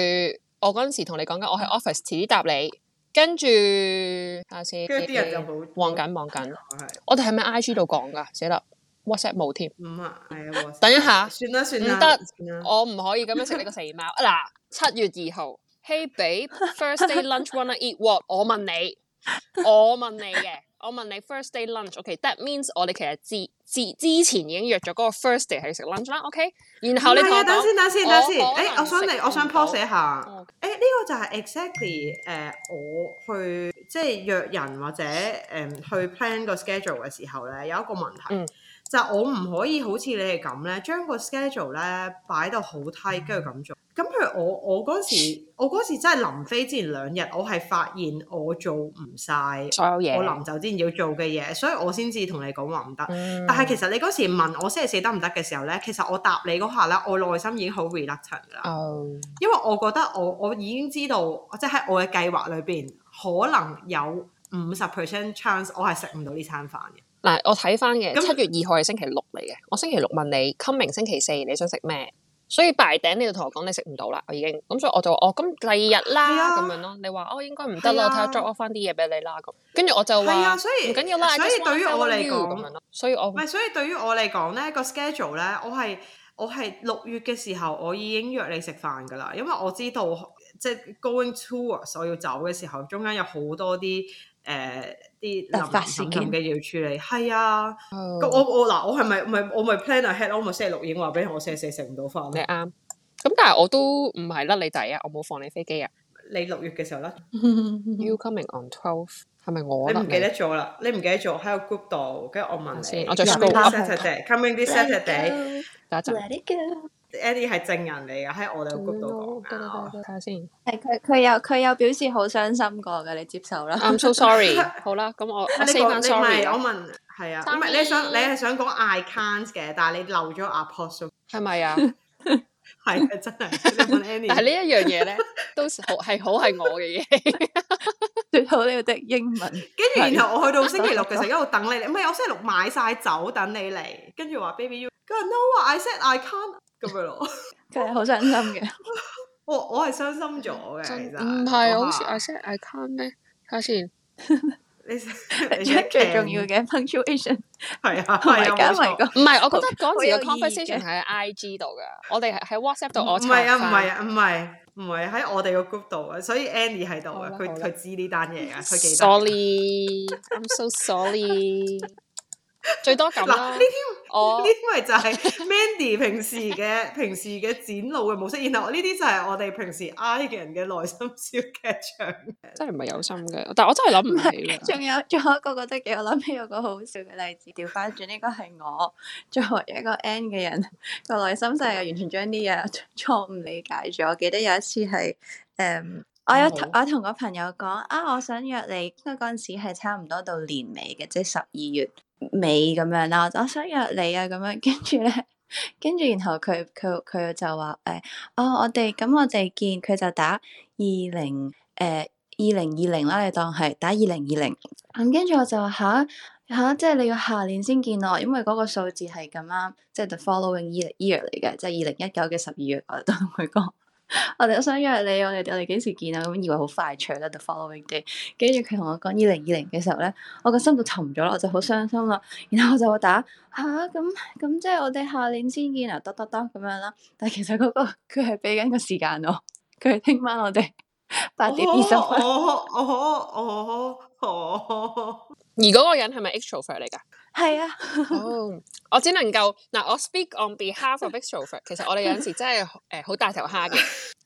[SPEAKER 1] 我嗰陣時同你講緊，我喺 office 遲啲答你。跟住，跟住啲望緊望緊。我哋喺咪 I G 度講噶，寫啦 WhatsApp 冇添。唔係、嗯，係、哎、啊。等一下，算啦算啦，唔得行，了我唔可以咁樣食你個食熱貓。嗱、 [LAUGHS] 啊，七月二號，Hey babe Thursday Lunch Wanna Eat What？我問你，我問你嘅。 [LAUGHS] [LAUGHS] 我問你 first day lunch，OK？That、okay, means 我哋其實之之之前已經約咗嗰個 first day 係食 lunch
[SPEAKER 2] 啦，OK？然後你等等先，等先，等先。誒可、欸，我想嚟，肥肥我想 post 寫下。誒、哦，呢、okay. 欸呢個就係 exactly 誒、呃，我去即係約人或者誒、呃、去 plan 個 schedule 嘅時候咧，有一個問題。嗯就我唔可以好似你哋咁咧，將個 schedule 咧擺到好 tight，跟住咁做。咁、嗯、譬如我我嗰時，我嗰時真係臨飛之前兩日，我係發現我做唔晒，所有嘢，我臨走之前要做嘅嘢，所以我先至同你講話唔得。嗯、但係其實你嗰時問我星期四得唔得嘅時候咧，其實我答你嗰下咧，我內心已經好 reluctant 噶啦，哦、因為我覺得我我已經知道，即係喺我嘅計劃裏邊，可能有五十 percent chance 我係食唔到呢餐飯嘅。
[SPEAKER 1] 嗱，我睇翻嘅七月二號係星期六嚟嘅，我星期六問你 coming 星期四你想食咩？所以白頂你就同我講你食唔到啦，我已經咁，所以我就話哦，咁第二日啦咁、啊、樣咯。你話哦，oh, 應該唔得啦，我睇、啊、下 drop 翻啲嘢俾你啦咁。跟住我就話，唔、啊、緊要啦。所以對於我嚟講，咁樣
[SPEAKER 2] 咯，所以我唔係所以對於我嚟講咧，個 schedule 咧，我係我係六月嘅時候，我已經約你食飯噶啦，因為我知道即係 going to 所要走嘅時,時候，中間有好多啲。誒啲突發事件嘅嘢要處理，係啊，我我嗱我係咪唔係我咪 plan ahead，我咪先錄影話俾我寫寫食唔到飯，你啱。咁但係我都唔係甩你仔啊，我冇放你飛機啊。你六月嘅時候
[SPEAKER 1] 甩，You coming on twelve 係咪我？你唔記得咗
[SPEAKER 2] 啦？你唔記得咗喺個 group 度，跟住我問你，我再翻 post。Coming this Saturday，等一陣。Annie 係證人嚟㗎，喺我哋個 group 度講㗎。睇下
[SPEAKER 3] 先，係佢佢有佢有表示好傷心過㗎，你接受啦。I'm so sorry。
[SPEAKER 2] 好啦，咁我
[SPEAKER 3] 你問你問我
[SPEAKER 2] 問，係啊，唔係你想你係想講 I can't 嘅，但係你漏咗 apology 係咪啊？係真係。問 Annie。但係呢一樣嘢咧，到係好
[SPEAKER 3] 係好係我嘅嘢。最好呢個的英文。跟住然後我去到星期六嘅時候一
[SPEAKER 2] 路等你嚟，唔係我星期六買晒酒等你嚟，跟住話 baby you。no，I said I can't。咁咪
[SPEAKER 3] 咯，真係好傷心嘅。
[SPEAKER 2] 我我係傷心咗嘅，其實唔係我 say I
[SPEAKER 1] can 呢？睇下先，
[SPEAKER 3] 你最重要嘅 punctuation 係啊，係啊，唔係我覺得嗰次嘅 conversation
[SPEAKER 1] 喺 IG 度嘅，我哋係喺 WhatsApp 度，我唔係啊，唔係啊，
[SPEAKER 3] 唔係
[SPEAKER 2] 唔係喺我哋個 group 度啊，所以 Annie 喺度啊，佢佢知呢單嘢啊，佢記得。Sorry，I'm so sorry。最多咁啦，呢啲呢啲咪就係 Mandy 平時嘅 [LAUGHS] 平時嘅展露嘅模式，然後呢啲就係我哋平時 I 嘅人嘅內心小劇場。真係唔係有心嘅，但係我真係諗唔起
[SPEAKER 3] 仲有仲有一個覺得幾我諗起有個好笑嘅例子，調翻轉呢個係我作為一個 N 嘅人個內心就係，完全將啲嘢錯誤理解咗。我記得有一次係誒、嗯，我有好我，我一同一個朋友講啊，我想約你，因為嗰陣時係差唔多到年尾嘅，即係十二月。美咁樣啦，我想約你啊，咁樣跟住咧，跟住然後佢佢佢就話誒、哎，哦，我哋咁我哋見佢就打二零誒二零二零啦，你當係打二零二零，咁跟住我就話吓吓，即係你要下年先見我，因為嗰個數字係咁啱，即係 the following year 嚟嘅，即係二零一九嘅十二月，我都同佢講。我哋都想約你，我哋我哋幾時見啊？咁以為好快脆啦，The following day，跟住佢同我講二零二零嘅時候咧，我個心就沉咗咯，我就好傷心啦。然後我就打吓咁咁，即係我哋下年先見啊，得得得，咁樣啦。但其實嗰個佢係俾緊個時間我，佢聽晚我哋八點二十分。哦哦
[SPEAKER 1] 哦，而嗰個人係咪 extrovert 嚟噶？係啊， [LAUGHS] oh, 我只能夠嗱，我 speak on behalf of extrovert 其實我哋有陣時真係誒好大頭蝦嘅，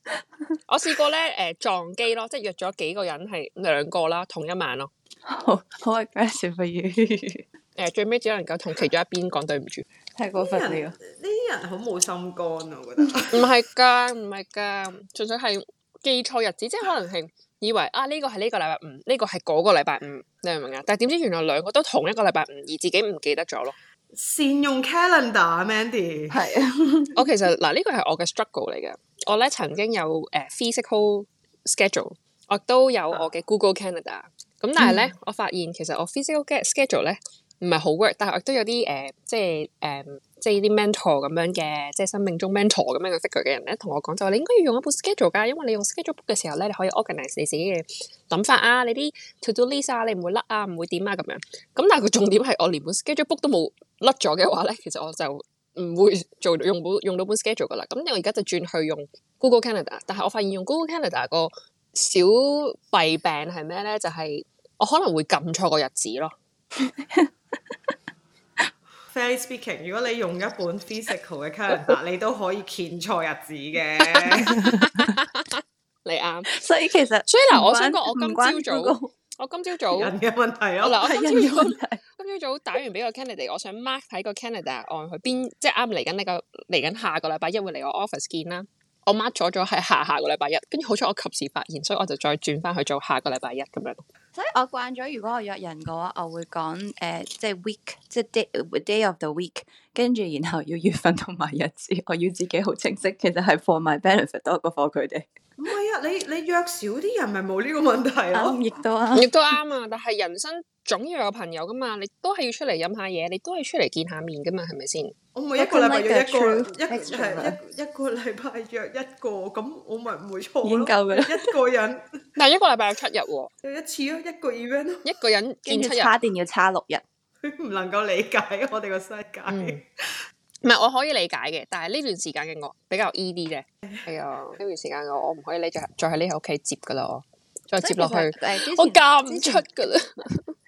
[SPEAKER 1] [LAUGHS] 我試過咧誒、呃、撞機咯，即係約咗幾個人係兩個啦，同一晚咯，好、oh, [LAUGHS] 呃，好啊，介紹費如，誒最尾只能夠同其中一邊講對唔住，太
[SPEAKER 2] 過分嚟嘅，呢啲人好冇心肝啊，
[SPEAKER 1] 我覺得，唔係噶，唔係噶，純粹係記錯日子，即係可能係。以為啊呢、呢個係呢個禮拜五，呢、呢個係嗰個禮拜五，你明唔明啊？但係點知原來兩個都同一個禮拜五，而自己唔記得咗咯。
[SPEAKER 2] 善用 calendar，Mandy 係。是 [LAUGHS]
[SPEAKER 1] [LAUGHS] 我其實嗱呢、呢個係我嘅 struggle 嚟嘅。我咧曾經有誒、uh, physical schedule，我都有我嘅 Google calendar。咁但係咧，我發現其實我 physical schedule 咧唔係好 work，但係我都有啲誒，uh, 即係誒。Um, 即係啲 mentor 咁樣嘅，即係生命中 mentor 咁樣嘅識佢嘅人咧，同我講就話你應該要用一本 schedule 噶，因為你用 schedule book 嘅時候咧，你可以 organize 你自己嘅諗法啊，你啲 to do list 啊，你唔會甩啊，唔會點啊，咁樣。咁但係個重點係，我連本 schedule book 都冇甩咗嘅話咧，其實我就唔會做用用,用到本 schedule 噶啦。咁我而家就轉去用 Google Calendar，但係我發現用 Google Calendar 個小弊病係咩咧？就係、是、我可能會撳錯個日子咯。 [LAUGHS]
[SPEAKER 2] Speaking，如果你用一本 physical 嘅 calendar，你都可以見錯日子嘅。 [LAUGHS]
[SPEAKER 3] [LAUGHS] 你啱對，所以其實，所以嗱，我想講，我今朝早，早，啊、
[SPEAKER 2] 我今朝早人
[SPEAKER 3] 嘅問題啊，嗱，我
[SPEAKER 1] 今朝早，打完俾個 Canada，我想 mark 喺個 Canada 案去邊，即係啱嚟緊，呢個嚟緊下個禮拜一會嚟我 office 見啦。我 mark 咗咗係下下個禮拜一，跟住好彩我及時發現，所以我就再轉翻去做下個禮拜一咁樣。
[SPEAKER 3] 所以我慣咗，如果我約人嘅話，我會講誒、呃，即係 week，即係 day, day，day of the week，跟住然後要月份同埋日子，我要自己好清晰。其實係 for my benefit 多過 for 佢哋。
[SPEAKER 2] 唔係啊，你你約少啲人咪冇呢個問題啊？亦、um, 也 [LAUGHS] 都啱，亦都啱啊！但係
[SPEAKER 1] 人生，總要有朋友噶嘛，你都係要出嚟飲下嘢，你都係出嚟見下面噶嘛，係咪先？我每一個禮拜約一個，一係、啊、
[SPEAKER 2] 一個禮拜約一個，咁我咪唔會錯。研究嘅一個人。
[SPEAKER 1] 嗱， [LAUGHS] 一個禮拜有七日喎。一次
[SPEAKER 2] 咯，一個 event 一
[SPEAKER 1] 個人見七日，定
[SPEAKER 2] 要差六日？佢唔能夠理解我哋個世界。
[SPEAKER 1] 唔係、嗯，我可以理解嘅，但係呢段時間嘅我比較 easy 啫。係啊、 [LAUGHS] 哎，呢段時間我我唔可以再再喺呢喺屋企接噶啦，我再接落去，我
[SPEAKER 3] 夾唔出噶啦。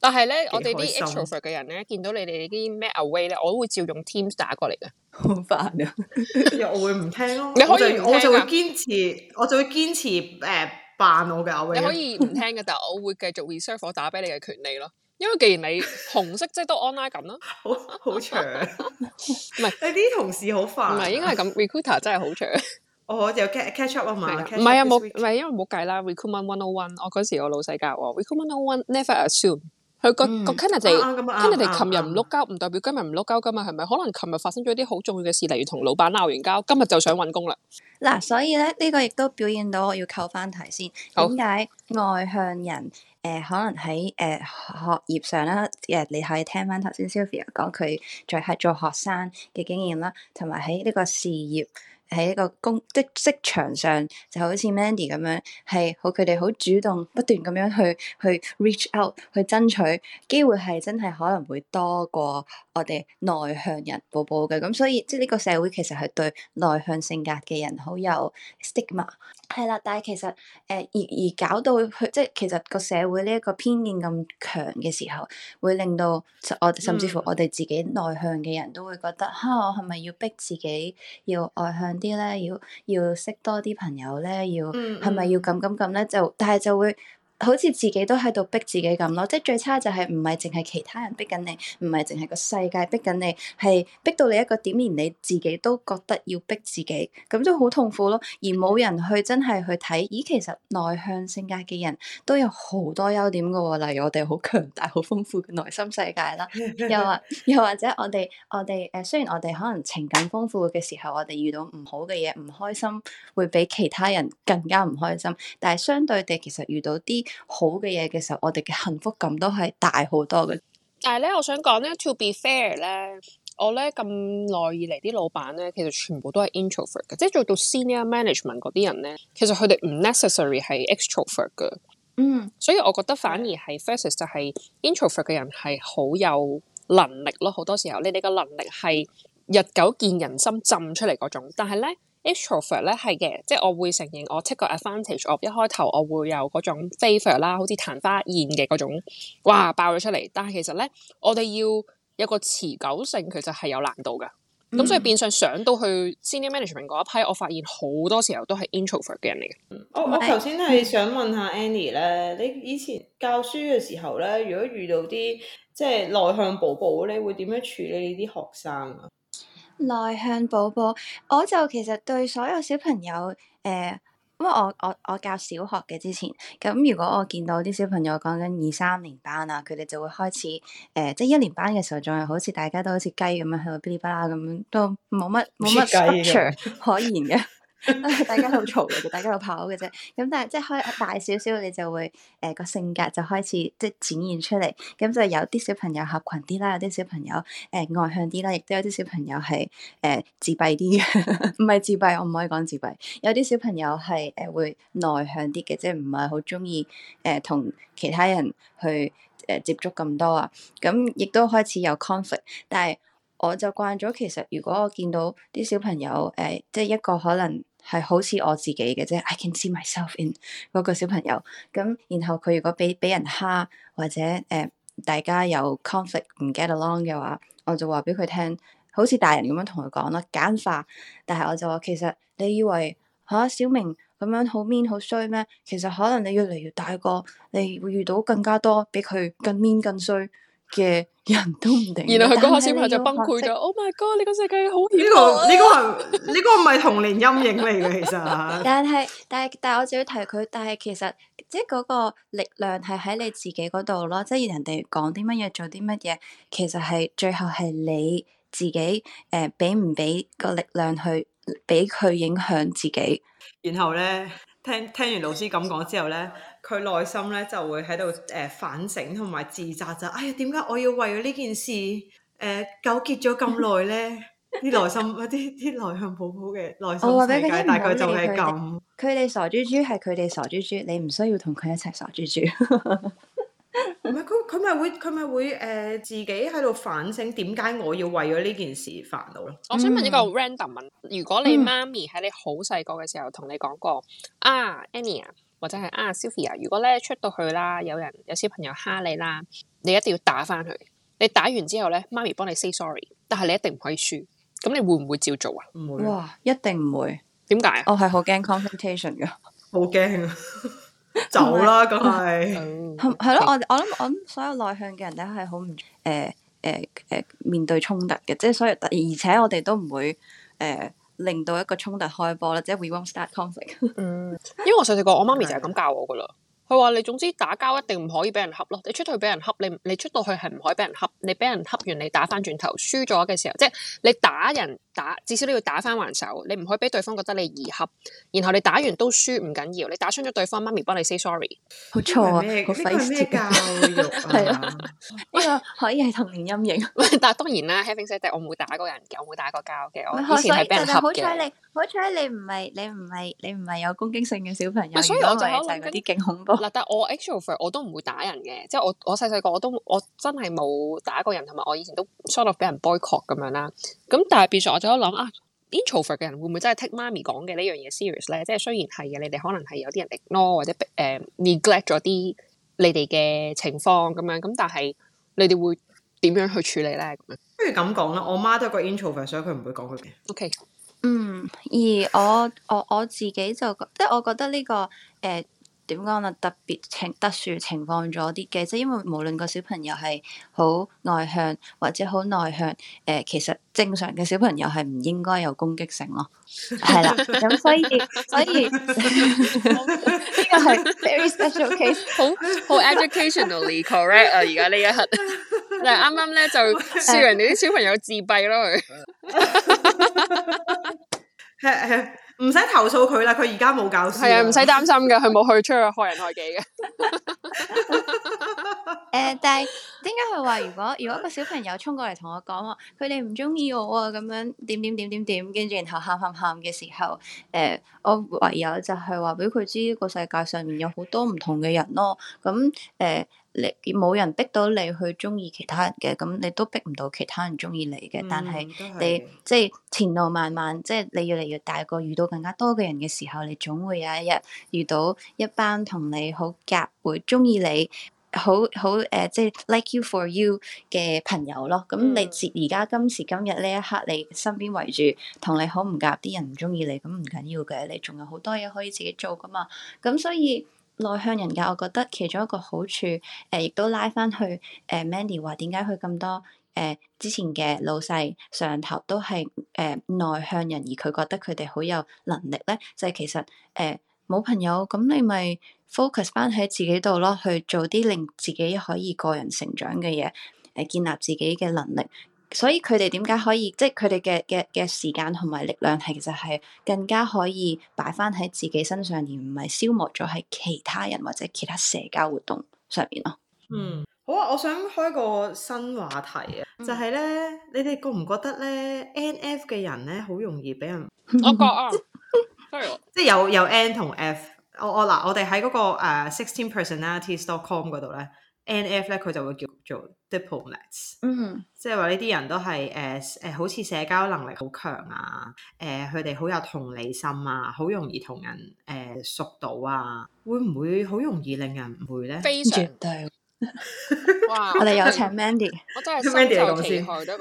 [SPEAKER 1] 但係
[SPEAKER 2] 咧，我哋啲 extrovert
[SPEAKER 1] 嘅人咧，見到你哋啲咩 away 咧，我都會照用 Teams 打過嚟㗎。好
[SPEAKER 2] 煩啊！又我會唔聽咯？你可以，我就會堅持，我就會堅持誒，扮我嘅 away。你可以唔
[SPEAKER 1] 聽嘅，但係我會繼續 reserve 我打俾你嘅權利咯。因為既然你紅色即係都 online 咁
[SPEAKER 2] 咯，好好長。唔係你啲同事好煩，唔係應該係咁。Recruiter 真係好長。我有 catch catch up 嘛？唔係啊，冇
[SPEAKER 1] 唔係因為冇計啦。Recruitment 101，我嗰時我老細教我 recruitment 101，never assume。佢、嗯、個個 Kennedy Kennedy 地，琴日唔碌交，唔、啊啊啊、代表今日唔碌交噶嘛，係咪？可能琴日發生咗啲好重要嘅事，例如同老闆鬧完交，今日就想
[SPEAKER 3] 揾工啦。嗱、啊，所以咧，呢、這個亦都表現到，我要扣翻題先。點解外向人誒、呃，可能喺誒、呃、學業上咧，誒，你可以聽翻頭先 Sylvia 講佢最係做學生嘅經驗啦，同埋喺呢個事業。喺一個公即職場上，就好似 Mandy 咁樣，係好佢哋好主動，不斷咁樣去去 reach out，去爭取機會，係真係可能會多過我哋內向人寶寶嘅，咁所以即係呢個社會其實係對內向性格嘅人好有 stigma。係啦，但係其實誒、呃、而而搞到去即係其實個社會呢一個偏見咁強嘅時候，會令到我甚至乎我哋自己內向嘅人都會覺得，吓，我係咪要逼自己要外向啲咧？要要識多啲朋友咧？要係咪要咁咁咁咧？就但係就會。好似自己都喺度逼自己咁咯，即係最差就係唔係淨係其他人逼緊你，唔係淨係個世界逼緊你，係逼到你一個點連你自己都覺得要逼自己，咁都好痛苦咯。而冇人去真係去睇，咦，其實內向性格嘅人都有好多優點噶喎，例如我哋好強大、好豐富嘅內心世界啦，又或 [LAUGHS] 又或者我哋我哋誒、呃，雖然我哋可能情感豐富嘅時候，我哋遇到唔好嘅嘢，唔開心，會比其他人更加唔開心，但係相對地，其實遇到啲。好嘅嘢嘅時候，我哋嘅幸福感都係大好多嘅。
[SPEAKER 1] 但係咧，我想講咧，to be fair 咧，我咧咁耐以嚟啲老闆咧，其實全部都係 introvert 嘅，即係做到 senior management 嗰啲人咧，其實佢哋唔 necessary 係 extrovert 嘅。嗯，所以我覺得反而係 fascist 係、就係、introvert 嘅人係好有能力咯。好多時候你哋嘅能力係日久見人心，浸出嚟嗰種。但係咧。Introvert 咧係嘅，即係我會承認我 Take advantage of 一開頭我會有嗰種 favor 啦，好似曇花現嘅嗰種，哇，爆咗出嚟。但係其實咧，我哋要有個持久性，其實係有難度噶咁、嗯、所以變相上到去 senior management 嗰一批，我發現好多時候都係 introvert 嘅人嚟
[SPEAKER 2] 嘅。我我頭先係想問下 Annie 咧，你以前教書嘅時候咧，如果遇到啲即係內向寶寶，你會點樣處理啲學生啊？
[SPEAKER 3] 內向寶寶，我就其實對所有小朋友，誒、呃，因為我我我教小學嘅之前，咁如果我見到啲小朋友講緊二三年班啊，佢哋就會開始，誒、呃，即係一年班嘅時候，仲係好似大家都好似雞咁樣喺度嗶哩啪啦咁樣，都冇乜冇乜 structure 可言嘅雞。 [LAUGHS] [LAUGHS] [LAUGHS] 大家好嘈嘅，大家喺度跑嘅啫。咁但係即係開大少少，你就會誒個、呃、性格就開始即係展現出嚟。咁就有啲小朋友合群啲啦，有啲小朋友誒外向啲啦，亦都有啲小朋友係誒、呃、自閉啲嘅。唔係自閉，我唔可以講自閉。有啲小朋友係誒、呃、會內向啲嘅，即係唔係好中意誒同其他人去誒、呃、接觸咁多啊。咁亦都開始有 conflict，但係。我就慣咗，其實如果我見到啲小朋友，誒、呃，即係一個可能係好似我自己嘅啫，I can see myself in 嗰個小朋友。咁然後佢如果俾俾人蝦，或者誒、呃、大家有 conflict 唔 get along 嘅話，我就話俾佢聽，好似大人咁樣同佢講咯，簡化。但係我就話其實，你以為吓，小明咁樣好 mean 好衰咩？其實可能你越嚟越大個，你會遇到更加多比佢更 mean 更衰嘅人都唔定，然後佢嗰個小朋友就崩潰咗。
[SPEAKER 2] Oh my god！呢個世界好
[SPEAKER 3] 險惡。呢個呢個唔呢個唔係童年
[SPEAKER 2] 陰影嚟嘅，其實。 [LAUGHS] 但
[SPEAKER 3] 係但係但係我就要提佢，但係其實即係嗰個力量係喺你自己嗰度咯，即係人哋講啲乜嘢做啲乜嘢，其實係最後係你自己誒，俾唔俾個力量去俾佢影響自己。
[SPEAKER 2] 然後咧，聽聽完老師咁講之後咧。佢內心咧就會喺度誒反省同埋自責就，哎呀點解我要為咗呢件事誒、呃、糾結咗咁耐咧？啲 [LAUGHS] 內心啲啲內向寶寶嘅內心世界大概就係咁。
[SPEAKER 3] 佢哋傻豬豬係佢哋傻豬豬，你唔需要同佢一齊傻豬豬。
[SPEAKER 2] 唔係佢佢咪會佢咪會誒、呃、自己喺度反省點解我要為咗呢件事煩惱咯？嗯、我想問一個 random 問，如果你媽咪
[SPEAKER 1] 喺你好細個嘅時候同你講過啊，Annie 啊。啊啊啊啊或者係啊，Sylvia，如果咧出到去啦，有人有小朋友蝦你啦，你一定要打翻佢。你打完之後咧，媽咪幫你 say sorry，但係你一定唔可以輸。咁你會唔會照做啊？唔會，哇，一
[SPEAKER 3] 定唔會。點解？我係好驚 confrontation 噶，好驚 [LAUGHS] ，
[SPEAKER 2] 走啦，咁係
[SPEAKER 3] 係係咯。我我諗我諗，我所有內向嘅人都係好唔誒誒誒面對衝突嘅，即係所以，而且我哋都唔會誒。呃呃呃令到一個衝突開波咧，即係 We won't start conflict。嗯， [LAUGHS] 因為我上次個，我媽咪就係咁教我㗎啦。
[SPEAKER 1] 佢話：你總之打交一定唔可以俾人恰咯，你出到去俾人恰，你你出到去係唔可以俾人恰，你俾人恰完你打翻轉頭輸咗嘅時候，即係你打人打，至少都要打翻還手，你唔可以俾對方覺得你易恰，然後你打完都輸唔緊要，你打傷咗對方，媽咪幫你 say sorry。好錯啊！呢個咩教育啊？係呢個可以係童年陰影。 [LAUGHS] 但係當然啦，Having said that, 我唔會打過人嘅，我唔會打過交嘅，我以前係俾人恰。好彩你
[SPEAKER 3] 好彩你唔係你唔係你唔係有攻擊性嘅小朋友，唔係嗰啲勁恐怖。嗱，但係我
[SPEAKER 1] introvert 我都唔會打人嘅，即係我我細細個我都我真係冇打過人，同埋我以前都 sort of 俾人 boycott 咁樣啦。咁但係變咗我就喺度諗啊，introvert 嘅人會唔會真係 take 媽咪講嘅呢樣嘢 serious 咧？即係雖然係嘅，你哋可能係有啲人 ignore 或者誒、呃、neglect 咗啲你哋嘅情況咁樣，咁但係你哋會點樣去處理咧？
[SPEAKER 2] 不如咁講啦，我媽都係個 introvert，所以佢唔會講佢嘅。
[SPEAKER 3] OK，嗯，而我我我自己就即係我覺得呢、這個誒。呃點講啊？特別情特殊情況咗啲嘅，即係因為無論個小朋友係好外向或者好內向，誒、呃、其實正常嘅小朋友係唔應該有攻擊性咯。係啦， [LAUGHS] 咁所以所以呢個係 very special case，
[SPEAKER 1] 好好 educationally correct 啊！而家呢一刻，嗱啱啱咧就笑人哋
[SPEAKER 2] 啲小朋友自閉咯佢。 [LAUGHS] [LAUGHS] [LAUGHS] 唔使投訴佢啦，佢而家冇搞事。係啊，唔使擔心嘅，佢冇去出去害人害己
[SPEAKER 3] 嘅、 [LAUGHS] [LAUGHS] 呃。但係點解佢話如果如果個小朋友衝過嚟同我講話，佢哋唔中意我啊，咁樣點點點點點，跟住然後喊喊喊嘅時候，誒、呃，我唯有就係話俾佢知，個世界上面有好多唔同嘅人咯。咁、嗯、誒。呃你冇人逼到你去中意其他人嘅，咁你都逼唔到其他人中意你嘅。嗯、但係你是即係前路漫漫，即係你越嚟越大個，遇到更加多嘅人嘅時候，你總會有一日遇到一班同你好夾會中意你，好好誒，即係 like you for you 嘅朋友咯。咁你而家今時今日呢一刻，你身邊圍住同你好唔夾啲人唔中意你，咁唔緊要嘅，你仲有好多嘢可以自己做噶嘛。咁所以。內向人㗎，我覺得其中一個好處，誒、呃、亦都拉翻去誒、呃、Mandy 話點解佢咁多誒、呃、之前嘅老細上頭都係誒、呃、內向人，而佢覺得佢哋好有能力咧，就係、是、其實誒冇、呃、朋友咁，你咪 focus 翻喺自己度咯，去做啲令自己可以個人成長嘅嘢，誒建立自己嘅能力。所以佢哋點解可以，即係佢哋嘅嘅嘅時間同埋力量係其實係更加可以擺翻喺自己身上，而唔係消磨咗喺其他人或者其他社交活動上面咯。嗯，
[SPEAKER 2] 好啊，我想開個新話題，就係、呢呢呢 [LAUGHS] 啊， [LAUGHS] [LAUGHS] 就係咧，你哋覺唔覺得咧？N F 嘅人咧，好容易俾人，我
[SPEAKER 3] 覺
[SPEAKER 2] 啊，即係有有 N 同 F，我我嗱，我哋喺嗰個誒 sixteenpersonalities.com 嗰度咧。Uh, N.F 咧，佢就會叫做 diplomats，嗯哼，即係話呢啲人都係誒誒，好似社交能力好強啊，誒佢哋好有同理心啊，好容易同人誒、呃、熟到啊，會唔會好容易令人誤會
[SPEAKER 3] 咧？非常對，我哋有請 Mandy， [LAUGHS] 我真係 Mandy 講先，
[SPEAKER 1] [LAUGHS]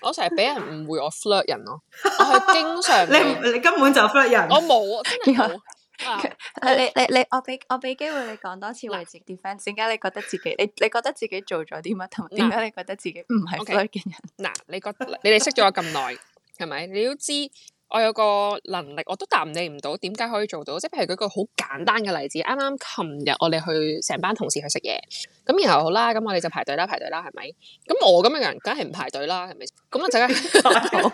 [SPEAKER 1] 我成日俾人誤會我 flirt 人咯，啊，我係經常， [LAUGHS] 你你根本就 flirt 人，我
[SPEAKER 3] 冇，真係冇。 [LAUGHS] [LAUGHS] 啊啊、你你你，我俾我俾機會你講多次為自己 defend，點解你覺得自己你你覺得自己做咗啲乜同點解你覺得自己唔係 flirt 嘅人？
[SPEAKER 1] 嗱、okay，啊，你覺得你哋識咗我咁耐，係咪？ [LAUGHS] 你都知我有個能力，我都答你唔到，點解可以做到？即係譬如舉個好簡單嘅例子，啱啱琴日我哋去成班同事去食嘢，咁然後好啦，咁我哋就排隊啦，排隊啦，係咪？咁我咁嘅人，梗係唔排隊啦，係咪？咁啊，真係。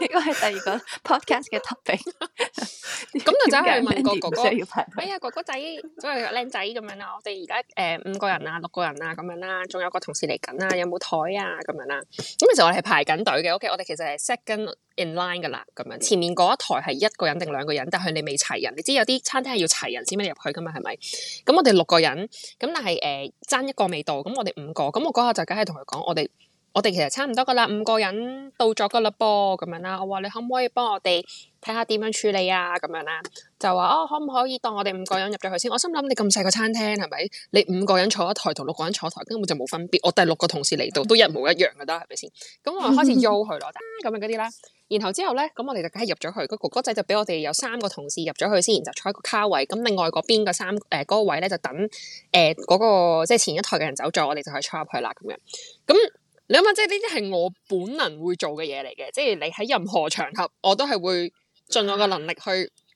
[SPEAKER 1] 呢個係第二個 podcast 嘅 topic，咁就走 [LAUGHS] 去麼問個哥哥，哥， [LAUGHS] 哎呀哥哥仔，仲有個靚仔咁樣啦。我哋而家誒五個人啊六個人啊咁樣啦，仲有個同事嚟緊啊，有冇台啊咁樣啦。咁其、那個、時我哋係排緊隊嘅，OK，我哋其實係 second in line 噶啦，咁樣前面嗰一台係一個人定兩個人，但係你未齊人，你知有啲餐廳係要齊人先畀你入去噶嘛，係咪？咁我哋六個人，咁但係誒爭一個未到，咁我哋五個，咁我嗰下就梗係同佢講我哋。我哋其實差唔多噶啦，五個人到咗噶啦噃。咁樣啦。我話你可唔可以幫我哋睇下點樣處理啊？咁樣啦，就話哦，可唔可以當我哋五個人入咗去先？我心諗你咁細個餐廳係咪？你五個人坐一台同六個人坐台根本就冇分別。我第六個同事嚟到都一模一樣噶啦，係咪先？咁我開始邀佢咯，咁樣嗰啲啦。然後之後咧，咁我哋就梗係入咗去。嗰個哥哥仔就俾我哋有三個同事入咗去先，然後就坐一個卡位。咁另外邊個邊個三誒個位咧，就等誒嗰、呃嗰個即係前一台嘅人走咗，我哋就可以坐入去啦。咁樣咁。你諗下，即係呢啲係我本能會做嘅嘢嚟嘅，即係你喺任何場合，我都係會盡我嘅能力去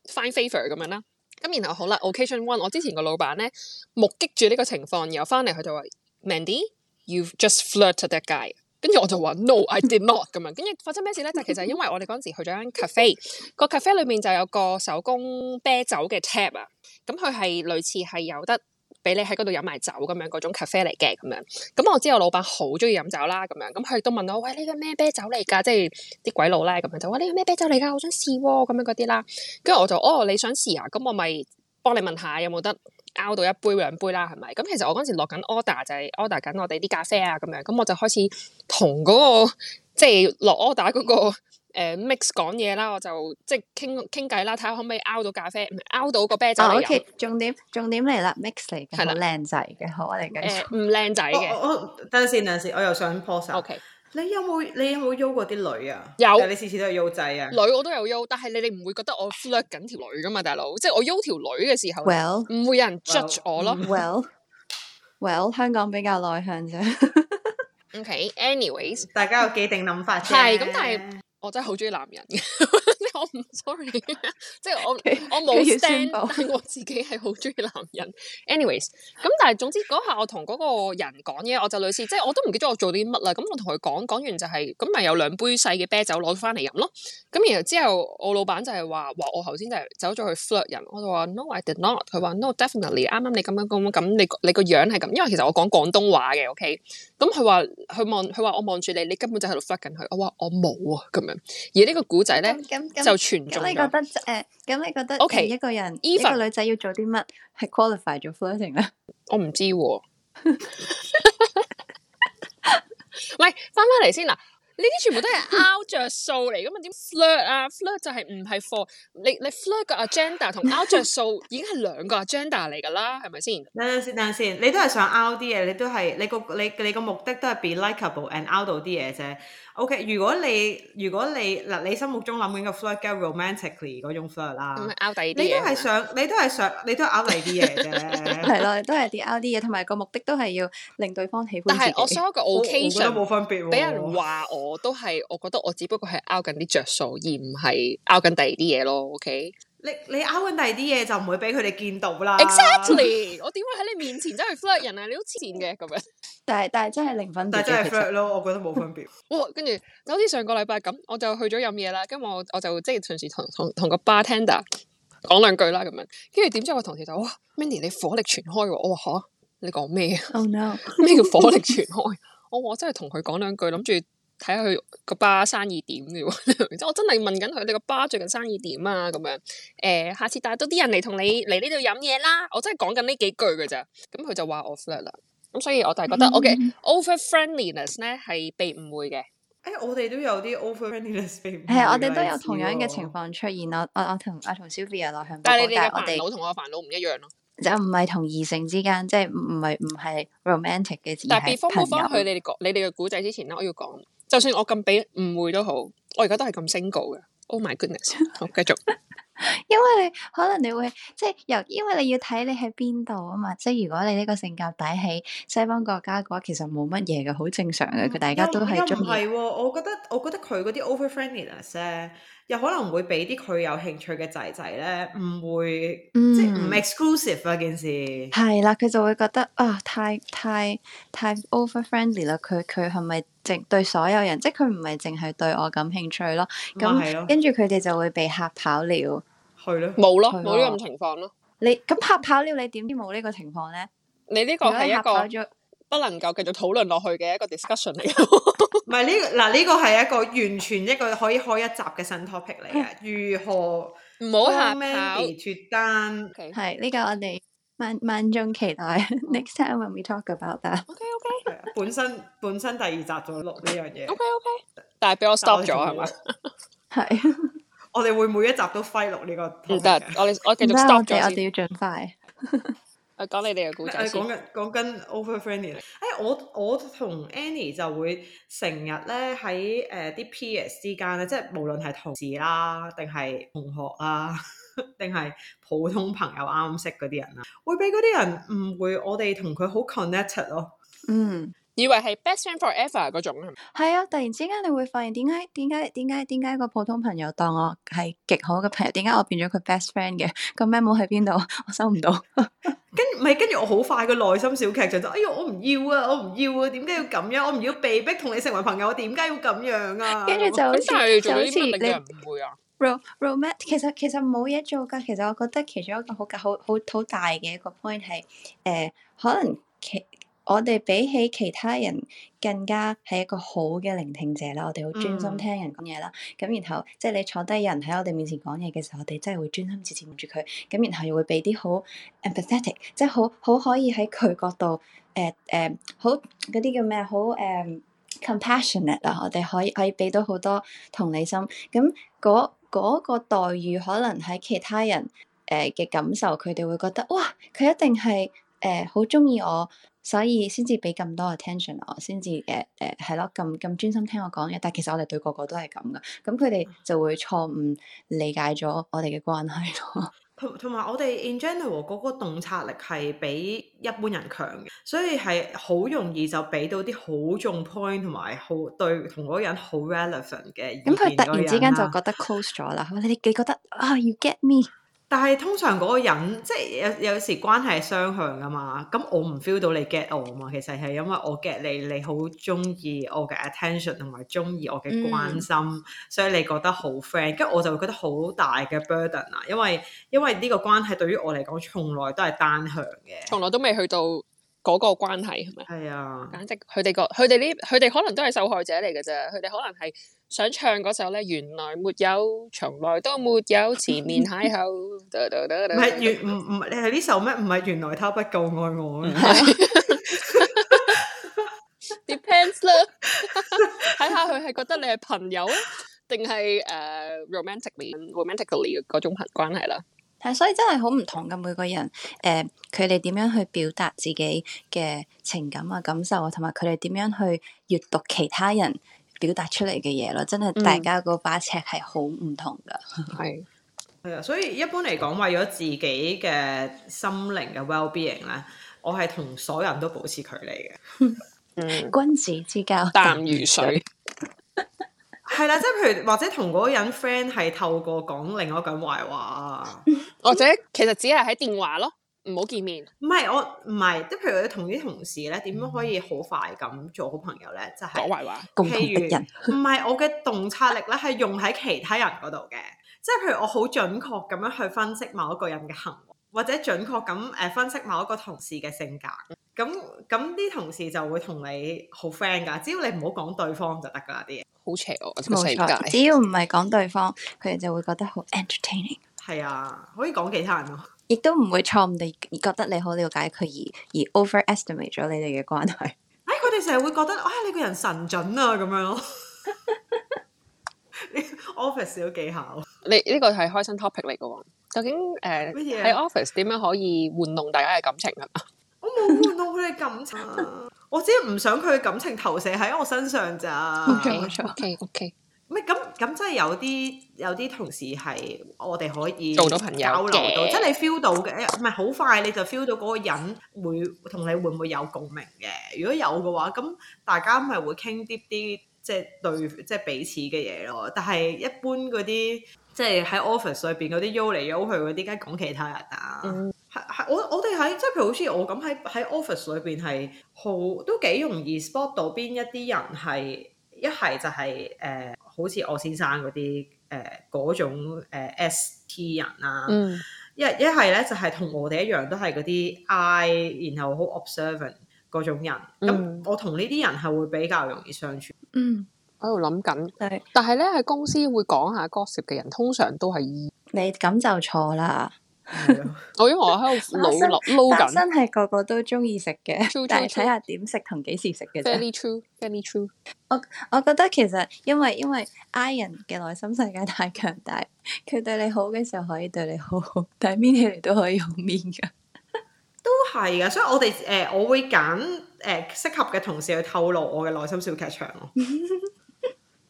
[SPEAKER 1] find favor 咁樣啦。咁然後好啦，occasion one，我之前個老闆咧，目擊住呢個情況，然後翻嚟佢就話 Mandy，you just flirted that guy。跟住我就話 No，I did not 咁樣。跟住發生咩事咧？就係、其實因為我哋嗰陣時去咗間 cafe，個 cafe 裏面就有個手工啤酒嘅 tap 啊，咁佢係類似係有得。俾你喺嗰度飲埋酒咁樣嗰種咖啡嚟嘅咁樣，咁我知我老闆好中意飲酒啦，咁樣，咁佢都問我喂，呢個咩啤酒嚟噶，即係啲鬼佬啦，咁樣就話呢個咩啤酒嚟噶，我想試咁樣嗰啲啦，跟住我就哦，你想試啊，咁、嗯、我咪幫你問下有冇得 Out 到一杯兩杯啦，係咪？咁、嗯、其實我嗰時落緊 order 就係 order 緊我哋啲咖啡啊，咁樣，咁我就開始同嗰個即係落 order 嗰個。 [LAUGHS] 誒，mix 講嘢啦，我就即係傾傾偈啦，睇下可唔可以 out 到咖啡，out 到個啤酒。哦，O K，
[SPEAKER 3] 重點重點嚟啦，mix 嚟嘅，係咪靚仔嘅，好，嚟緊。誒，唔
[SPEAKER 1] 靚
[SPEAKER 2] 仔
[SPEAKER 3] 嘅。
[SPEAKER 1] 我
[SPEAKER 2] 等陣時，等陣時，我又想 pose。O K，你有冇你有冇喐過啲女啊？有，你次次都係喐仔啊！女我
[SPEAKER 1] 都有喐，但係你哋唔會覺得我
[SPEAKER 2] flirt 緊條女噶嘛，大佬？即係我喐條女嘅時
[SPEAKER 1] 候，唔會
[SPEAKER 3] 有人 judge 我咯。Well，well，香港比較內向啫。O
[SPEAKER 1] K，anyways，大家有既定諗法啫。係，咁但係。我真係好中意男人嘅 [LAUGHS] [LAUGHS] 我其，我唔 sorry，即係我我冇 stand 但我自己係好中意男人。anyways，咁但係總之嗰下我同嗰個人講嘢，我就類似，即係我都唔記得我做啲乜啦。咁我同佢講講完就係、是，咁咪有兩杯細嘅啤酒攞翻嚟飲咯。咁然後之後我老闆就係話話我頭先就係走咗去 flirt 人，我就話 no，I did not。佢話 no，definitely。啱啱你咁樣咁咁，你你個樣係咁，因為其實我講廣東話嘅，ok。咁佢話佢望佢話我望住你，你
[SPEAKER 3] 根本就喺度 fuck 緊佢。我話我冇啊，咁樣。而個呢個古仔咧，嗯嗯、就全中咗。咁你覺得，誒、呃，咁你覺得，OK，一個人， [LAUGHS] uma，一個女仔要做啲乜，係 qualified 做 flirting 咧？我唔知喎。唔係翻翻嚟
[SPEAKER 1] 先嗱。呢啲 [LAUGHS] 全部都係 out 着數嚟，噶嘛、啊？點 [LAUGHS] flirt 啊？flirt 就係唔係 for，你你 flirt 個 agenda
[SPEAKER 2] 同 out 着數已經係兩個 agenda 嚟噶啦，係咪先？等陣先，等陣先，你都係想 out 啲嘢，你都係你個你你個目的都係 be likable and out 到啲嘢啫。OK，如果你如果你嗱，你心目中諗緊個 flirt gay romantically 嗰種 flirt 啦、嗯，你都係想， [LAUGHS] 想，你都係想，你都係 out 第二啲嘢嘅，係咯，
[SPEAKER 3] 都係啲 out 啲嘢，同埋個目的都係要令對方喜歡。但係我想一個 OK 我覺得冇分別喎。俾人
[SPEAKER 1] 話我都係，我覺得我只不過係 out 緊啲着數，而唔係 out 緊第二啲嘢咯。O
[SPEAKER 2] K。你你勾緊第二啲嘢就唔會俾佢哋見到啦。Exactly， [LAUGHS] 我點會喺你面前走去 flirt 人啊？你好賤嘅咁樣。
[SPEAKER 3] [LAUGHS] [LAUGHS] 但係但係真係零分，但係真係 flirt
[SPEAKER 2] 咯。我覺得冇分別。
[SPEAKER 1] 跟住就好似上個禮拜咁，我就去咗飲嘢啦。咁我我就即係同,同,同,同時同同同個 bartender 講兩句啦。咁樣，跟住點知我同事就哇 Mandy 你火力全開喎、啊！我話吓、啊，你講咩啊？Oh no！咩 [LAUGHS] 叫火力全開？我我真係同佢講兩句，諗住。睇下佢個巴生意點嘅喎，即 [LAUGHS] 我真係問緊佢哋個巴最近生意點啊咁樣，誒下次帶多啲人嚟同你嚟呢度飲嘢啦，我真係講緊呢幾句嘅咋，咁佢就話我 over friendly，咁所以我就係覺得 ok overfriendliness 咧係被誤會嘅。
[SPEAKER 3] 誒、 [LAUGHS] 欸、我哋都有啲 overfriendliness。係啊、欸，我哋都有同樣嘅情況出現咯，我我同我同 Sylvia 內向性格，我哋但係你哋嘅煩惱同
[SPEAKER 2] 我嘅煩惱唔一樣咯，
[SPEAKER 3] 就唔係同異性之間，即係唔係唔係 romantic 嘅。不 rom 但係 before 佢你
[SPEAKER 1] 哋講你哋嘅古仔之前咧，我要講。就算我咁俾誤會都好，我而家都係咁 single 嘅。Oh my goodness！好繼續，
[SPEAKER 3] [LAUGHS] 因為你可能你會即係由，因為你要睇你喺邊度啊嘛。即係如果你呢個性格底喺西方國家嘅話，其實冇乜嘢嘅，好正常嘅。佢大家都係中意。唔係
[SPEAKER 2] 喎，我覺得我覺得佢嗰啲 over friendliness 咧，又可能會俾啲佢有興趣嘅仔仔咧唔會，即係唔 exclusive 啊、嗯、件事。
[SPEAKER 3] 係啦，佢就會覺得啊，太太太 over friendly 啦。佢佢係咪？淨對所有人，即係佢唔係淨係對我感興趣咯。咁跟住佢哋就會被嚇跑了。係咯，
[SPEAKER 1] 冇咯，冇呢個情
[SPEAKER 3] 況咯。你咁嚇跑了，你點知冇呢個情況咧？你呢個係一個
[SPEAKER 2] 不能夠繼續討論落去嘅一個 discussion 嚟嘅，嗯。唔係呢嗱、呢、這個係、這個、一個完全一個可以開一集嘅新 topic 嚟嘅，如何
[SPEAKER 3] 唔好嚇跑
[SPEAKER 2] 脫、啊、單？係呢、okay.
[SPEAKER 3] 這個我哋。萬萬眾期待，next time when we talk about that。OK OK。
[SPEAKER 2] 本身本身第二集就錄呢樣嘢。OK OK。但係俾我 stop 咗係嘛？係。我哋會每一集都揮錄呢個。唔得，我我繼
[SPEAKER 3] 續 stop 咗先。我哋要盡快。
[SPEAKER 2] 我講你哋嘅故仔先。講緊講緊 Overfriendly。哎，我我同 Annie 就會成日咧喺誒啲 PS 之間咧，即係無論係同事啦，定係同學啦。定係普通朋友啱識嗰啲人啊？會俾嗰啲人誤會我哋同佢好 connected 咯、啊。嗯、um, [NOISE] 以為係 best friend for ever 嗰種。
[SPEAKER 3] 係 [NOISE] 啊，突然之間你會發現點解點解點解點解個普通朋友當我係極好嘅朋友，點解我變咗佢 best friend 嘅？個 message 喺邊度？我收唔到 [LAUGHS] 跟。
[SPEAKER 2] 跟唔係？跟住我好快個
[SPEAKER 3] 內心小劇場就是：
[SPEAKER 2] 哎呀，我唔要啊，我唔要啊！點解要咁、啊、樣？我唔要被逼同你成為朋友，我點解要咁樣啊？跟住就好似就好似你會啊！
[SPEAKER 3] romantic Ro, 其實其實冇嘢做㗎，其實我覺得其中一個好好好大嘅一個 point 係誒可能其我哋比起其他人更加係一個好嘅聆聽者啦，我哋好專心聽人講嘢啦，咁、mm. 然後即係你坐低人喺我哋面前講嘢嘅時候，我哋真係會專心字字望住佢，咁然後又會俾啲好 empathetic，即係好好可以喺佢角度誒誒好嗰啲叫咩好誒 compassionate 啊，我哋可以可以俾到好多同理心，咁、嗯，那個嗰個待遇可能喺其他人誒嘅感受，佢哋會覺得哇，佢一定係誒好鍾意我，所以先至俾咁多 attention 我，先至誒誒係咯，咁咁專心聽我講嘢。但係其實我哋對個個都係咁㗎，咁佢哋就會錯誤理解咗我哋嘅關係咯。
[SPEAKER 2] 同埋我哋 in general 個洞察力係比一般人強嘅，所以係好容易就俾到啲好重 point 同埋好對同嗰個人好 relevant 嘅意見。咁佢突然之間就覺
[SPEAKER 3] 得 close 咗啦， [LAUGHS] 你幾覺得啊，oh，you get me？
[SPEAKER 2] 但係通常嗰個人，即係有有時關係係雙向㗎嘛。咁我唔 feel 到你 get 我啊嘛。其實係因為我 get you，你，你好中意我嘅 attention 同埋中意我嘅關心，嗯、所以你覺得好 friend。跟住我就會覺得好大嘅 burden 啊。因為因為呢個關係對於我嚟講從來都係單向嘅，
[SPEAKER 1] 從來都未去到嗰個關係
[SPEAKER 2] 係咪？係啊，
[SPEAKER 1] 簡直佢哋個佢哋呢，佢哋可能都係受害者嚟嘅啫。佢哋可能係。想唱嗰首咧，原來沒有，從來都沒有，前面邂逅。唔係原唔唔
[SPEAKER 2] 你係呢首咩？唔係原來他不夠愛我啊
[SPEAKER 1] ？Depends 啦，睇下佢係覺得你係朋友，定係誒 romantically romantically 嗰種朋關係啦。
[SPEAKER 3] 係，所以真係好唔同嘅，每個人誒，佢哋點樣去表達自己嘅情感啊感受啊，同埋佢哋點樣去閱讀其他人。表達出嚟嘅嘢咯，真係大家嗰把尺係好唔同噶。係係啊，
[SPEAKER 2] 所以一般嚟講，為咗自己嘅心靈嘅 well being 咧，我係同所有人都保持距離嘅。嗯。
[SPEAKER 3] 君子之交淡如水。
[SPEAKER 2] 係啦， [LAUGHS] 即係譬如或者同嗰個人 friend 係透過講另一句壞話， [LAUGHS] 或者其實只係喺電話咯。唔好見面，唔係我唔係，即係譬如你同啲同事咧，點樣可以好快咁做好朋友咧？就係講壞話說，如共同敵人。唔 [LAUGHS] 係我嘅洞察力咧，係用喺其他人嗰度嘅，即係譬如我好準確咁樣去分析某一個人嘅行為，或者準確咁誒分析某一個同事嘅性格。咁咁啲同事就會同你好 friend 噶，只要你唔好講對方就得噶啦啲嘢。好邪惡嘅，哦，這個世界，
[SPEAKER 3] 只要唔係講對方，佢哋就會覺得好 entertaining。
[SPEAKER 2] 係啊，可以講其他
[SPEAKER 3] 人咯。亦都唔會錯誤地覺得你好了解佢而而 overestimate 咗你哋嘅關係，哎。
[SPEAKER 2] 哎，佢哋成日會覺得啊，你個人神準啊咁樣。 [LAUGHS] [LAUGHS] office 都幾巧。你呢個係開心 topic 嚟噶？究竟誒乜嘢喺 office
[SPEAKER 1] 點樣可以玩弄大家嘅感情啊？ [LAUGHS] 我冇
[SPEAKER 2] 玩弄佢哋感情， [LAUGHS] 我只係唔想佢嘅感情投射喺我身上咋。
[SPEAKER 1] OK，OK。
[SPEAKER 2] 咁咁即係有啲有啲同事係我哋可以做到朋友，交流到，即係你 feel 到嘅，唔係好快你就 feel 到嗰個人會同你會唔會有共鳴嘅？如果有嘅話，咁大家咪會傾啲啲即係對即係彼此嘅嘢咯。但係一般嗰啲即係喺 office 裏邊嗰啲悠嚟悠去，嗰啲梗係講其他人啊。係係、嗯，我我哋喺即係譬如好似我咁喺喺 office 裏邊係好都幾容易 spot 到邊一啲人係一係就係、是、誒。Uh, 好似我先生嗰啲誒嗰種 S T、呃呃呃、人啦、啊，一一係咧就係、是、同我哋一樣都係嗰啲 I，然後好 observant 嗰種人。咁我同呢啲人係會比較容易相處。嗯，
[SPEAKER 1] 喺度諗緊，但係但係咧喺公司會講下 gossip 嘅人，通常都係 E。你咁
[SPEAKER 3] 就錯啦。我因為喺度撈撈緊，真係 [LAUGHS] 個個都中意食嘅，true, 但係睇下點食同幾時食嘅啫。fairly true，true。我我覺得其實因為因為 I 人嘅內心世界太強大，佢對你好嘅時候可以對你好好，但係 mean 起嚟都可以用 mean 噶。
[SPEAKER 2] [LAUGHS] 都係啊，所以我哋誒、呃，我會揀誒適合嘅同事去透露我嘅內心小劇場咯。誒、 [LAUGHS]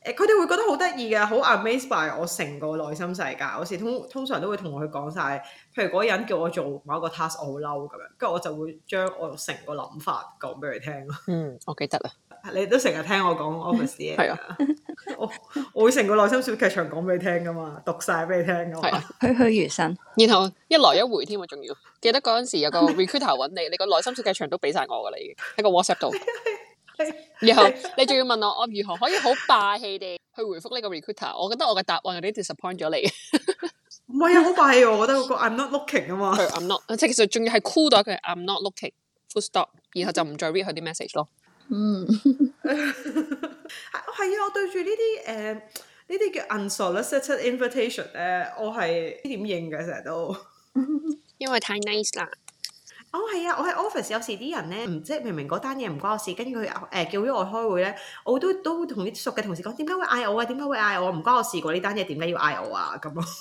[SPEAKER 2] 呃，佢哋會覺得好得意嘅，好 amazed by 我成個內心世界。我時通通常都會同佢講晒。譬如嗰人叫我做某一個 task，我好嬲咁樣，跟住我就會將我成個諗法講俾佢聽咯。嗯，我記得啦。你都成日聽我講 office 嘢。係啊，我我會成個內心小劇場講俾你聽噶嘛，讀晒俾你聽噶嘛。栩栩
[SPEAKER 3] 如生， [LAUGHS] 然後
[SPEAKER 1] 一來一回添喎，仲要記得嗰陣時有個 recruiter 揾你，你個內心小劇場都俾晒我噶啦，已經喺個 WhatsApp 度。
[SPEAKER 3] [LAUGHS] [LAUGHS] 然後
[SPEAKER 1] 你仲要問我，我如何可以好霸氣地去回覆呢個 recruiter？我覺得我嘅答案有啲 disappoint 咗你。喂，啊，好快啊！我覺得嗰個 I'm not looking 啊嘛，I'm not，即係其實仲要係 cool 到佢「I'm not looking，full stop，然後就唔再 read 佢啲 message 咯。嗯，
[SPEAKER 2] 係啊，我對住呢啲誒呢啲叫 unsolicited invitation 咧，我係點應嘅，成日都，因為太 nice 啦。哦，係啊，我喺 office 有時啲人咧，唔即係明明嗰單嘢唔關我事，跟住佢誒叫咗我開會咧，我都都會同啲熟嘅同事講，點解會嗌我啊？點解會嗌我？唔關我事，嗰呢單嘢點解要嗌我啊？咁啊～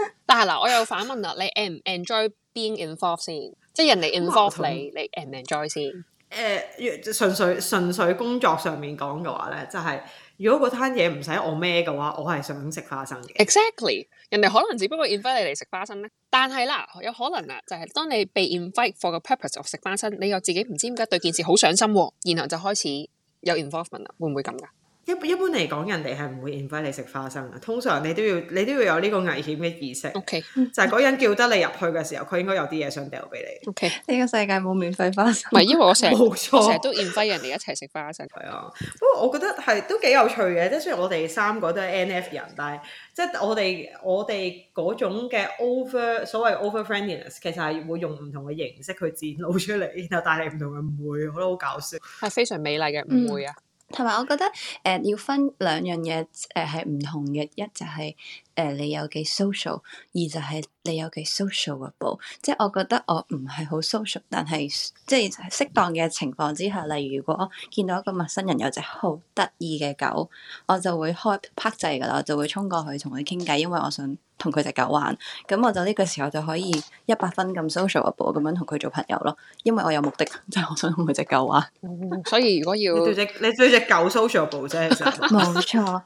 [SPEAKER 1] [LAUGHS] 但係嗱，我又反問啦，你 en enjoy being involved 先，即係人哋 involve 你，啊、你
[SPEAKER 2] en 唔 enjoy 先？誒、啊，純、呃、粹純粹工作上面講嘅話咧，就係、是、如果嗰攤嘢唔使我孭嘅話，我係想食花生嘅。Exactly，人哋可能只不過
[SPEAKER 1] invite 你嚟食花生咧，但係啦，有可能啊，就係、是、當你被 invite for 個 purpose of 食花生，你又自己唔知點解對件事好上心、啊，然後就開始有 involvement 啦，會唔會咁噶、啊？
[SPEAKER 2] 一一般嚟講，人哋係唔會 invite 你食花生嘅。通常你都要，你都要有呢個危險嘅意識。O Okay . K，就係嗰人叫得你入去嘅時候，佢應該有啲嘢想掉俾你。
[SPEAKER 3] O K，呢個世界冇免費花生。唔係， [NOISE] 因為我成日成日都
[SPEAKER 2] invite 人哋一齊食花生。係 [LAUGHS] 啊，不過我覺得係都幾有趣嘅。即係雖然我哋三個都係 N F 人，但係即係我哋我哋嗰種嘅 over 所謂 over friendliness 其實係會用唔同嘅形式去展露出嚟，然後帶嚟唔同嘅誤會，我覺得好搞笑。係 [MUSIC] 非常美麗嘅誤會啊！嗯
[SPEAKER 3] 同埋，我覺得誒、呃、要分兩樣嘢，誒係唔同嘅。一就係、是、誒、呃、你有幾 social，二就係你有幾 social 嘅步。即係我覺得我唔係好 social，但係即係適當嘅情況之下，例如如果我見到一個陌生人有隻好得意嘅狗，我就會開拍掣 r k 制㗎喇，我就會衝過去同佢傾偈，因為我想。同佢隻狗玩，咁我就呢個時候就可以一百分咁 socialable 咁樣同佢做朋友咯。因為我有目的，就係、是、我想同佢隻狗玩、哦。
[SPEAKER 2] 所以如果要 [LAUGHS] 你對隻狗 socialable 啫，
[SPEAKER 1] 冇錯。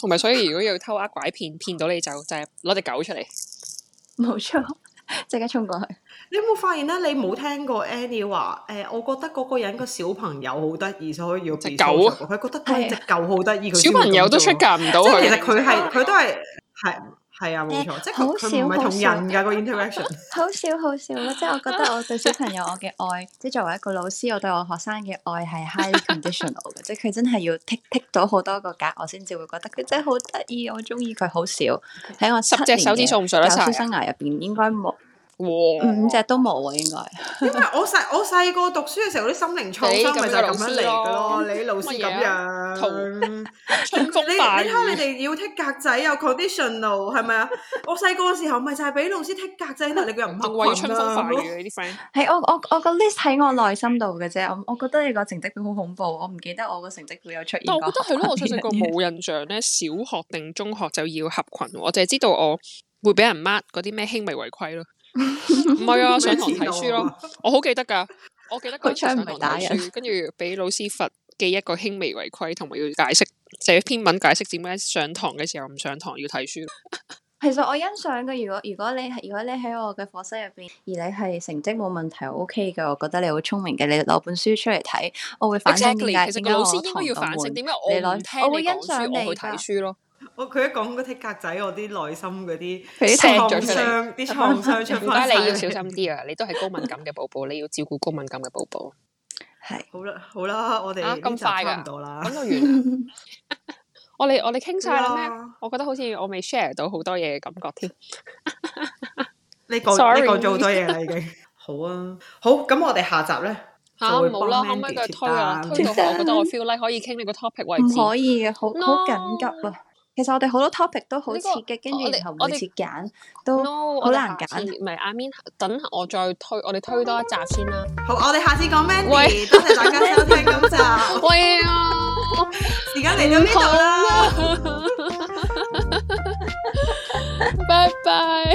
[SPEAKER 1] 同埋所以如果要偷呃拐騙騙到你就就係攞隻狗
[SPEAKER 2] 出嚟，
[SPEAKER 3] 冇錯， [LAUGHS] 即刻衝過去。
[SPEAKER 2] 你有冇發現咧？你冇聽過 Annie 話誒、呃？我覺得嗰個人個小朋友好得意，所以要隻狗。佢覺得隻狗好得意，對小朋友都出界唔到。 [LAUGHS] 其實佢係佢都係。係係啊，冇、啊、錯，欸、即係佢唔係同人㗎少個 interaction
[SPEAKER 3] 好，好少好少咯， [LAUGHS] 即係我覺得我對小朋友我嘅愛， [LAUGHS] 即係作為一個老師，我對我學生嘅愛係 highly conditional 嘅， [LAUGHS] 即係佢真係要剔剔咗好多個格，我先至會覺得佢真係好得意，我中意佢好少。喺我十隻手指數唔上得曬，應該冇。五五隻都冇喎，應該因為我細
[SPEAKER 2] 我細個讀書嘅時候，啲心靈創傷咪就係咁樣嚟噶咯。你老師咁樣，同你睇你哋要剔格仔有 conditional 咯，係咪啊？我細個嘅時候咪就係俾老師剔格仔，你個人唔合羣啊。為春風範呢
[SPEAKER 3] 啲 friend 係我我我個 list 喺我內心度嘅啫。我我覺得你個成績表好恐怖，我唔記得我個成績表有出現。但我覺得係我細細個冇
[SPEAKER 1] 印象咧，小學定中學就要合群。我淨係知道我會俾人 mark 嗰啲咩輕微違規咯。唔係 [LAUGHS] 啊，上堂睇書咯， [LAUGHS] 我好記得噶，
[SPEAKER 3] [LAUGHS] 我記得佢上堂睇書，跟
[SPEAKER 1] 住俾老師罰記一個輕微違規，同埋要解釋寫、就是、篇文解釋點解上堂嘅時候唔上堂要睇書。
[SPEAKER 3] [LAUGHS] 其實我欣賞嘅，如果如果你如果你喺我嘅課室入邊，而你係成績冇問題，O K 嘅，我覺得你好聰明嘅，你攞本書出嚟睇，我會反省。Exactly. 其實個老師應該要反省，點解 [LAUGHS] 拿我我會
[SPEAKER 2] 欣賞你睇書咯。 [LAUGHS] 我佢一講嗰啲格仔，我啲內心嗰啲創傷，啲創傷出嚟。唔該，你要小心啲
[SPEAKER 1] 啊！你都係高敏
[SPEAKER 2] 感嘅寶寶，你要照顧
[SPEAKER 1] 高敏感嘅寶寶。係好
[SPEAKER 2] 啦，好啦，我哋啊咁快噶，
[SPEAKER 1] 講完，我哋我哋傾晒啦咩？我覺得好似我未 share 到好多嘢嘅感覺添。你講你講咗好多嘢啦，
[SPEAKER 2] 已經。好啊，好咁，我哋下集咧就會幫
[SPEAKER 3] Mandy，冇啦，可唔可以推啊，推到我覺得我
[SPEAKER 1] feel like 可以傾呢個 topic 為止。可以啊，好好緊
[SPEAKER 3] 急啊！其實我哋好多 topic 都好刺激，跟住我哋唔知揀都好難
[SPEAKER 1] 揀。唔係阿 Min，等我再推，我哋推多一集先啦。
[SPEAKER 2] 好，我哋下次
[SPEAKER 3] 講 Mandy，a
[SPEAKER 2] 多謝大家收聽今集。喂啊！而家嚟咗呢度啦，
[SPEAKER 3] 拜拜。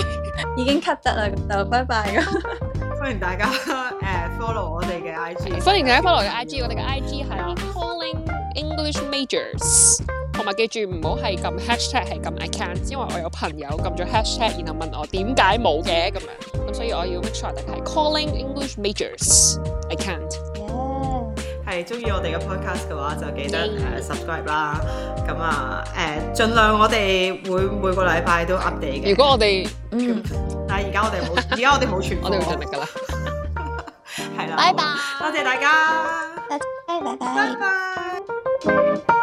[SPEAKER 3] 已經 cut 得啦，就拜拜啦。歡迎大家誒
[SPEAKER 2] follow 我哋嘅
[SPEAKER 3] IG，歡迎大家 follow 嘅
[SPEAKER 1] IG，我哋嘅 IG 係 Calling
[SPEAKER 3] English Majors。
[SPEAKER 1] 同埋記住唔好係撳 hashtag，係撳 account，因為我有朋友撳咗 hashtag，然後問我點解冇嘅咁樣，咁所以我要 make sure 係 calling English majors，account。係鍾
[SPEAKER 2] 意我哋嘅 podcast 嘅話，就記得 subscribe 啦。咁啊誒，盡量我哋會每個禮拜都 update 嘅。如果我哋，但係而家我哋冇，而家我哋冇全部，我哋會盡力噶啦。係啦，拜拜，多謝大家，拜拜，拜拜。